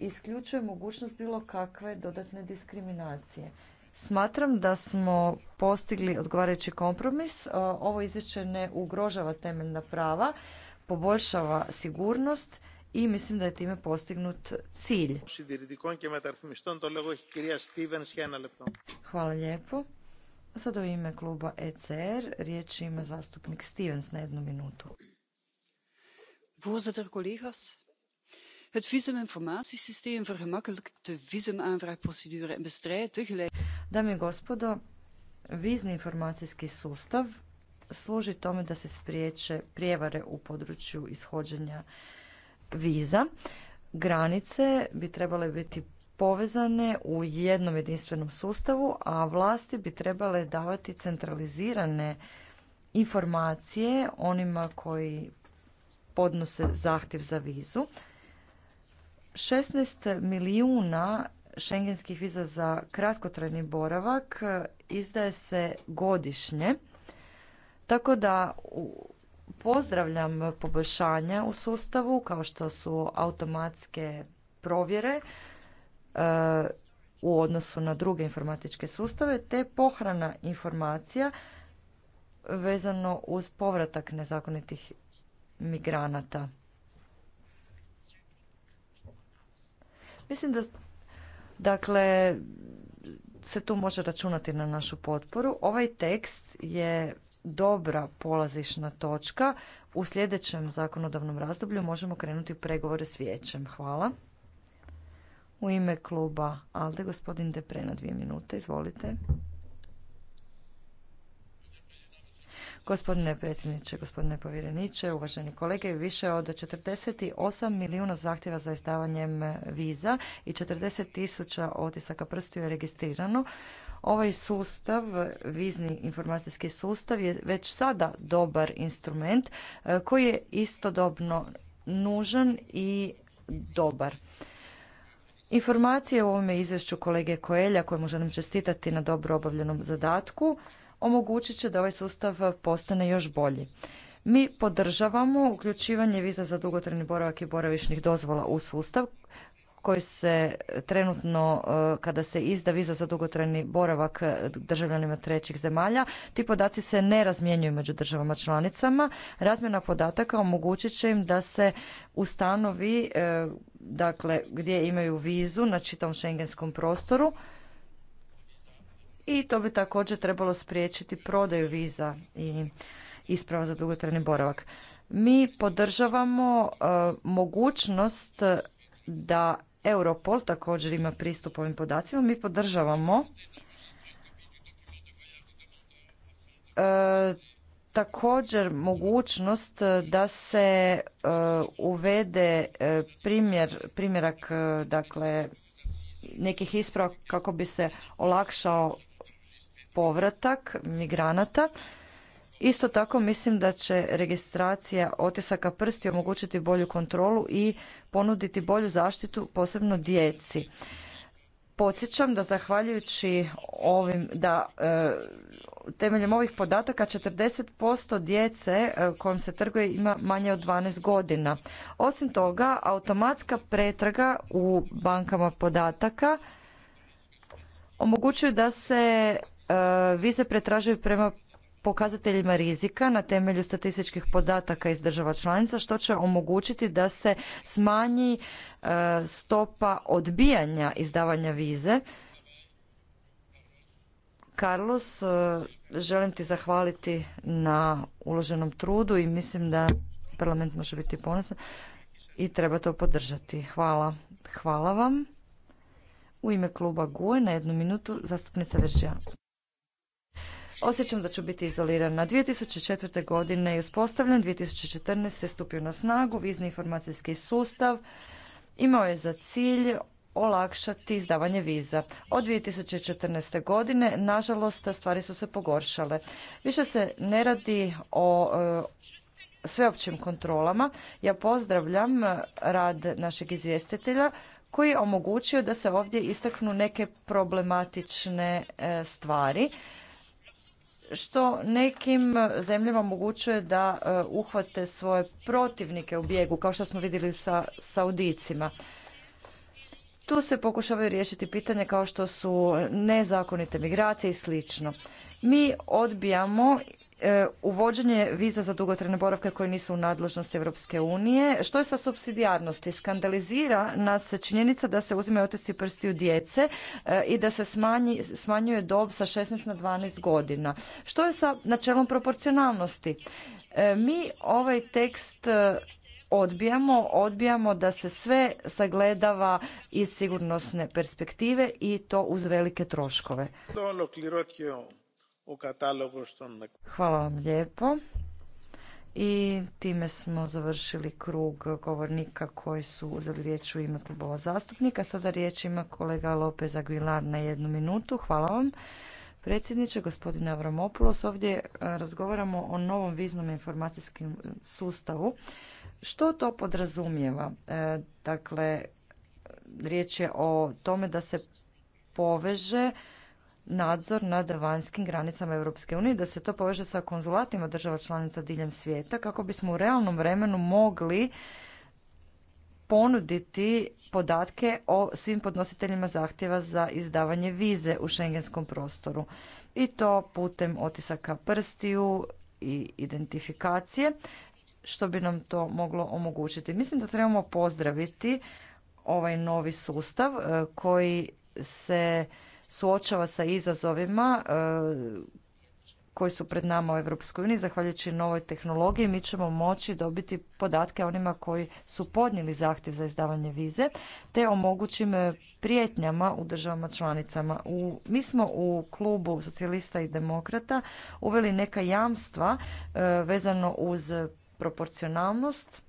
Speaker 7: isključuje mogućnost bilo kakve dodatne diskriminacije. Smatram da smo postigli odgovarajući kompromis. E, ovo izvješće ne ugrožava temeljna prava, poboljšava sigurnost i mislim da je time postignut cilj. Hvala lijepo. sada u ime kluba ECR riječ ima zastupnik Stevens na jednu minutu. Voorzitter, collega's. Het visuminformatiesysteem vergemakkelijkt de visumaanvraagprocedure en bestrijdt tegelijk. Dame i gospodo, vizni informacijski sustav služi tome da se spriječe prijevare u području ishođenja viza. Granice bi trebale biti povezane u jednom jedinstvenom sustavu, a vlasti bi trebale davati centralizirane informacije onima koji podnose zahtjev za vizu. 16 milijuna šengenskih viza za kratkotrajni boravak e, izdaje se godišnje. Tako da pozdravljam poboljšanja u sustavu kao što su automatske provjere e, u odnosu na druge informatičke sustave te pohrana informacija vezano uz povratak nezakonitih migranata. Mislim da Dakle, se tu može računati na našu potporu. Ovaj tekst je dobra polazišna točka. U sljedećem zakonodavnom razdoblju možemo krenuti pregovore s vijećem. Hvala. U ime kluba ALDE, gospodin Depre na dvije minute. Izvolite. Gospodine predsjedniče, gospodine povjereniče, uvaženi kolege, više od 48 milijuna zahtjeva za izdavanjem viza i 40 tisuća otisaka prstiju je registrirano. Ovaj sustav, vizni informacijski sustav je već sada dobar instrument e, koji je istodobno nužan i dobar. Informacije u ovome izvješću kolege Koelja, kojemu želim čestitati na dobro obavljenom zadatku, omogućit će da ovaj sustav postane još bolji. Mi podržavamo uključivanje viza za dugotrajni boravak i boravišnih dozvola u sustav koji se trenutno e, kada se izda viza za dugotrajni boravak e, državljanima trećih zemalja, ti podaci se ne razmjenjuju među državama članicama. Razmjena podataka omogućit će im da se ustanovi e, dakle gdje imaju vizu na čitavom šengenskom prostoru i to bi također trebalo spriječiti prodaju viza i isprava za dugotrajni boravak. Mi podržavamo e, mogućnost da Europol također ima pristup ovim podacima. Mi podržavamo e, također mogućnost da se e, uvede primjer, primjerak dakle nekih isprava kako bi se olakšao povratak migranata. Isto tako mislim da će registracija otisaka prsti omogućiti bolju kontrolu i ponuditi bolju zaštitu posebno djeci. Podsjećam da zahvaljujući ovim da e, temeljem ovih podataka 40% djece e, kojom se trguje ima manje od 12 godina. Osim toga, automatska pretraga u bankama podataka omogućuje da se E, vize pretražuju prema pokazateljima rizika na temelju statističkih podataka iz država članica što će omogućiti da se smanji e, stopa odbijanja izdavanja vize. Carlos, e, želim ti zahvaliti na uloženom trudu i mislim da parlament može biti ponosan i treba to podržati. Hvala. Hvala vam. U ime kluba GUE na jednu minutu zastupnica Veržija. Osjećam da ću biti izolirana. 2004. godine je uspostavljen, 2014. je stupio na snagu vizni informacijski sustav. Imao je za cilj olakšati izdavanje viza. Od 2014. godine, nažalost, stvari su se pogoršale. Više se ne radi o e, sveopćim kontrolama. Ja pozdravljam rad našeg izvjestitelja koji je omogućio da se ovdje istaknu neke problematične e, stvari što nekim zemljama omogućuje da e, uhvate svoje protivnike u bijegu, kao što smo vidjeli sa Saudicima. Tu se pokušavaju riješiti pitanje kao što su nezakonite migracije i slično. Mi odbijamo E, uvođenje viza za dugotrajne boravke koje nisu u nadležnosti Europske unije. Što je sa subsidijarnosti? Skandalizira nas činjenica da se uzimaju prsti prstiju djece e, i da se smanjuje dob sa 16 na 12 godina. Što je sa načelom proporcionalnosti? E, mi ovaj tekst odbijamo, odbijamo da se sve sagledava iz sigurnosne perspektive i to uz velike troškove
Speaker 5: u katalogu
Speaker 7: Hvala vam lijepo. I time smo završili krug govornika koji su uzeli riječ u ime klubova zastupnika. Sada riječ ima kolega Lopez Aguilar na jednu minutu. Hvala vam. Predsjedniče, gospodine Avramopoulos, ovdje e, razgovaramo o novom viznom informacijskom sustavu. Što to podrazumijeva? E, dakle, riječ je o tome da se poveže nadzor nad vanjskim granicama Europske unije, da se to poveže sa konzulatima država članica diljem svijeta kako bismo u realnom vremenu mogli ponuditi podatke o svim podnositeljima zahtjeva za izdavanje vize u šengenskom prostoru i to putem otisaka prstiju i identifikacije što bi nam to moglo omogućiti. Mislim da trebamo pozdraviti ovaj novi sustav eh, koji se suočava sa izazovima e, koji su pred nama u Europskoj uniji, zahvaljujući novoj tehnologiji, mi ćemo moći dobiti podatke onima koji su podnijeli zahtjev za izdavanje vize, te o mogućim e, prijetnjama u državama članicama. U, mi smo u klubu socijalista i demokrata uveli neka jamstva e, vezano uz proporcionalnost,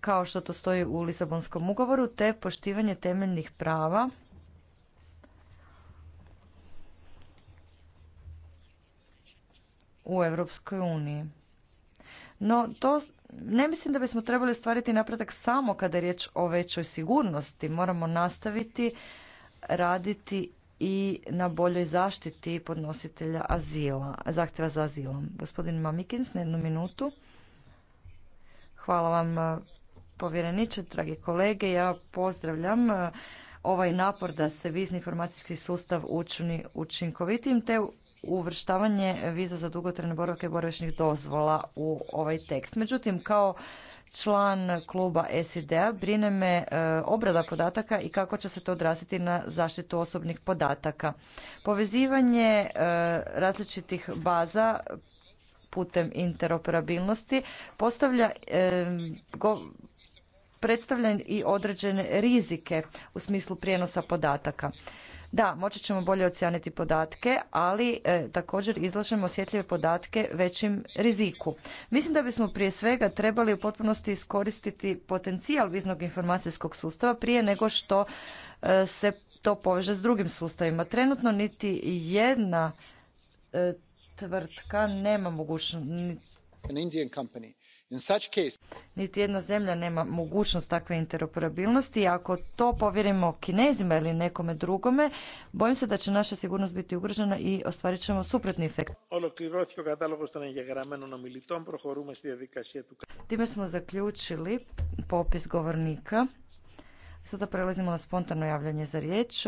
Speaker 7: kao što to stoji u Lisabonskom ugovoru, te poštivanje temeljnih prava u Europskoj uniji. No, to ne mislim da bismo trebali ostvariti napredak samo kada je riječ o većoj sigurnosti. Moramo nastaviti raditi i na boljoj zaštiti podnositelja azila, zahtjeva za azilom. Gospodin Mamikins, na jednu minutu. Hvala vam eh, povjereniče, dragi kolege. Ja pozdravljam eh, ovaj napor da se vizni informacijski sustav učini učinkovitim te uvrštavanje viza za dugotrajne boravke i boravišnih dozvola u ovaj tekst. Međutim, kao član kluba SID-a brine me e, obrada podataka i kako će se to odrasiti na zaštitu osobnih podataka. Povezivanje e, različitih baza putem interoperabilnosti postavlja e, predstavlja i određene rizike u smislu prijenosa podataka. Da, moći ćemo bolje ocijaniti podatke, ali e, također izlažemo osjetljive podatke većim riziku. Mislim da bismo prije svega trebali u potpunosti iskoristiti potencijal viznog informacijskog sustava prije nego što e, se to poveže s drugim sustavima. Trenutno niti jedna e, tvrtka nema mogućnost niti jedna zemlja nema mogućnost takve interoperabilnosti i ako to povjerimo kinezima ili nekome drugome, bojim se da će naša sigurnost biti ugrožena i ostvarit ćemo suprotni efekt.
Speaker 5: Time smo zaključili
Speaker 7: popis govornika. Sada prelazimo na spontano javljanje za riječ.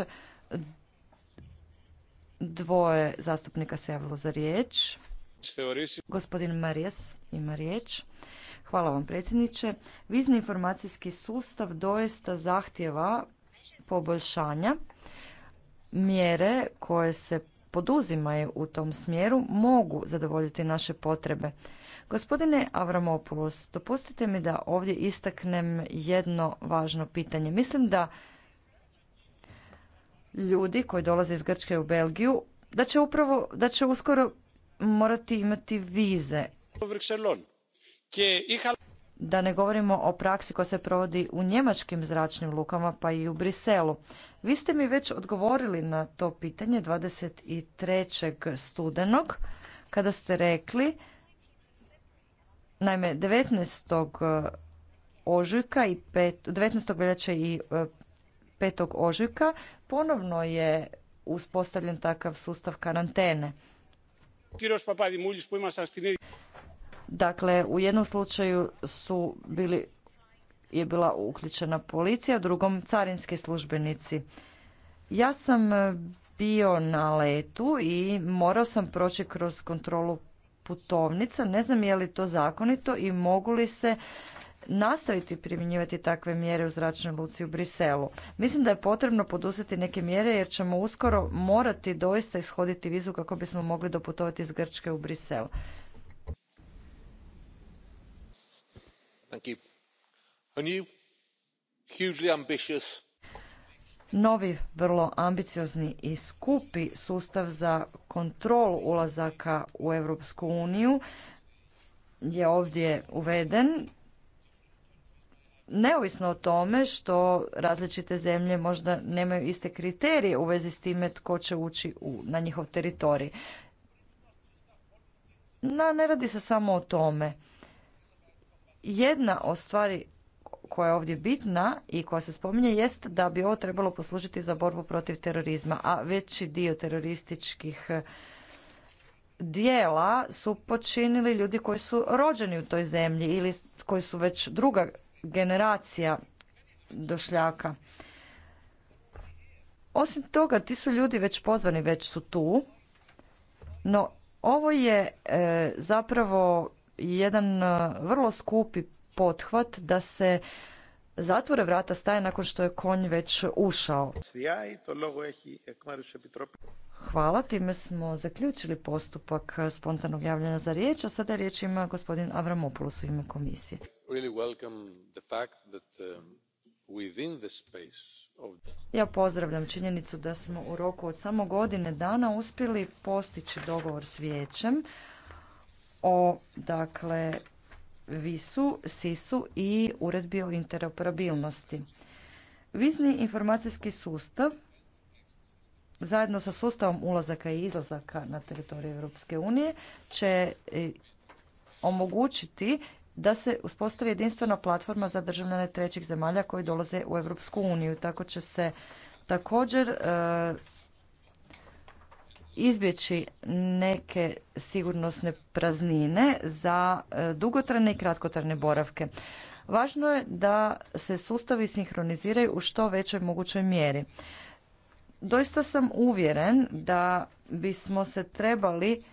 Speaker 7: Dvoje zastupnika se javilo za riječ. Gospodin Marijas ima riječ. Hvala vam predsjedniče. Vizni informacijski sustav doista zahtjeva poboljšanja. Mjere koje se poduzimaju u tom smjeru mogu zadovoljiti naše potrebe. Gospodine Avramopoulos, dopustite mi da ovdje istaknem jedno važno pitanje. Mislim da ljudi koji dolaze iz Grčke u Belgiju da će upravo da će uskoro morati imati vize. Da ne govorimo o praksi koja se provodi u njemačkim zračnim lukama pa i u Briselu. Vi ste mi već odgovorili na to pitanje 23. studenog kada ste rekli naime 19. ožujka i 19. veljače i 5. E, ožujka ponovno je uspostavljen takav sustav karantene. Dakle, u jednom slučaju su bili, je bila uključena policija, u drugom carinski službenici. Ja sam e, bio na letu i morao sam proći kroz kontrolu putovnica. Ne znam je li to zakonito i mogu li se nastaviti primjenjivati takve mjere u zračnoj luci u Briselu. Mislim da je potrebno poduzeti neke mjere jer ćemo uskoro morati doista ishoditi vizu kako bismo mogli doputovati iz Grčke u Brisel. Novi, vrlo ambiciozni i skupi sustav za kontrolu ulazaka u Europsku uniju je ovdje uveden neovisno o tome što različite zemlje možda nemaju iste kriterije u vezi s time tko će ući u, na njihov teritorij. No, ne radi se samo o tome. Jedna od stvari koja je ovdje bitna i koja se spominje jest da bi ovo trebalo poslužiti za borbu protiv terorizma, a veći dio terorističkih eh, dijela su počinili ljudi koji su rođeni u toj zemlji ili koji su već druga generacija došljaka. Osim toga, ti su ljudi već pozvani, već su tu, no ovo je e, zapravo jedan e, vrlo skupi pothvat da se zatvore vrata staje nakon što je konj već ušao. Hvala, time smo zaključili postupak spontanog javljanja za riječ, a sada riječ ima gospodin Avramopoulos u ime komisije. Um, ja pozdravljam činjenicu da smo u roku od samo godine dana uspjeli postići dogovor s vijećem o dakle visu sisu i uredbi o interoperabilnosti vizni informacijski sustav zajedno sa sustavom ulazaka i izlazaka na teritoriju europske unije će e, omogućiti da se uspostavi jedinstvena platforma za državljane trećih zemalja koji dolaze u Europsku uniju. Tako će se također e, izbjeći neke sigurnosne praznine za e, dugotrajne i kratkotrajne boravke. Važno je da se sustavi sinhroniziraju u što većoj mogućoj mjeri. Doista sam uvjeren da bismo se trebali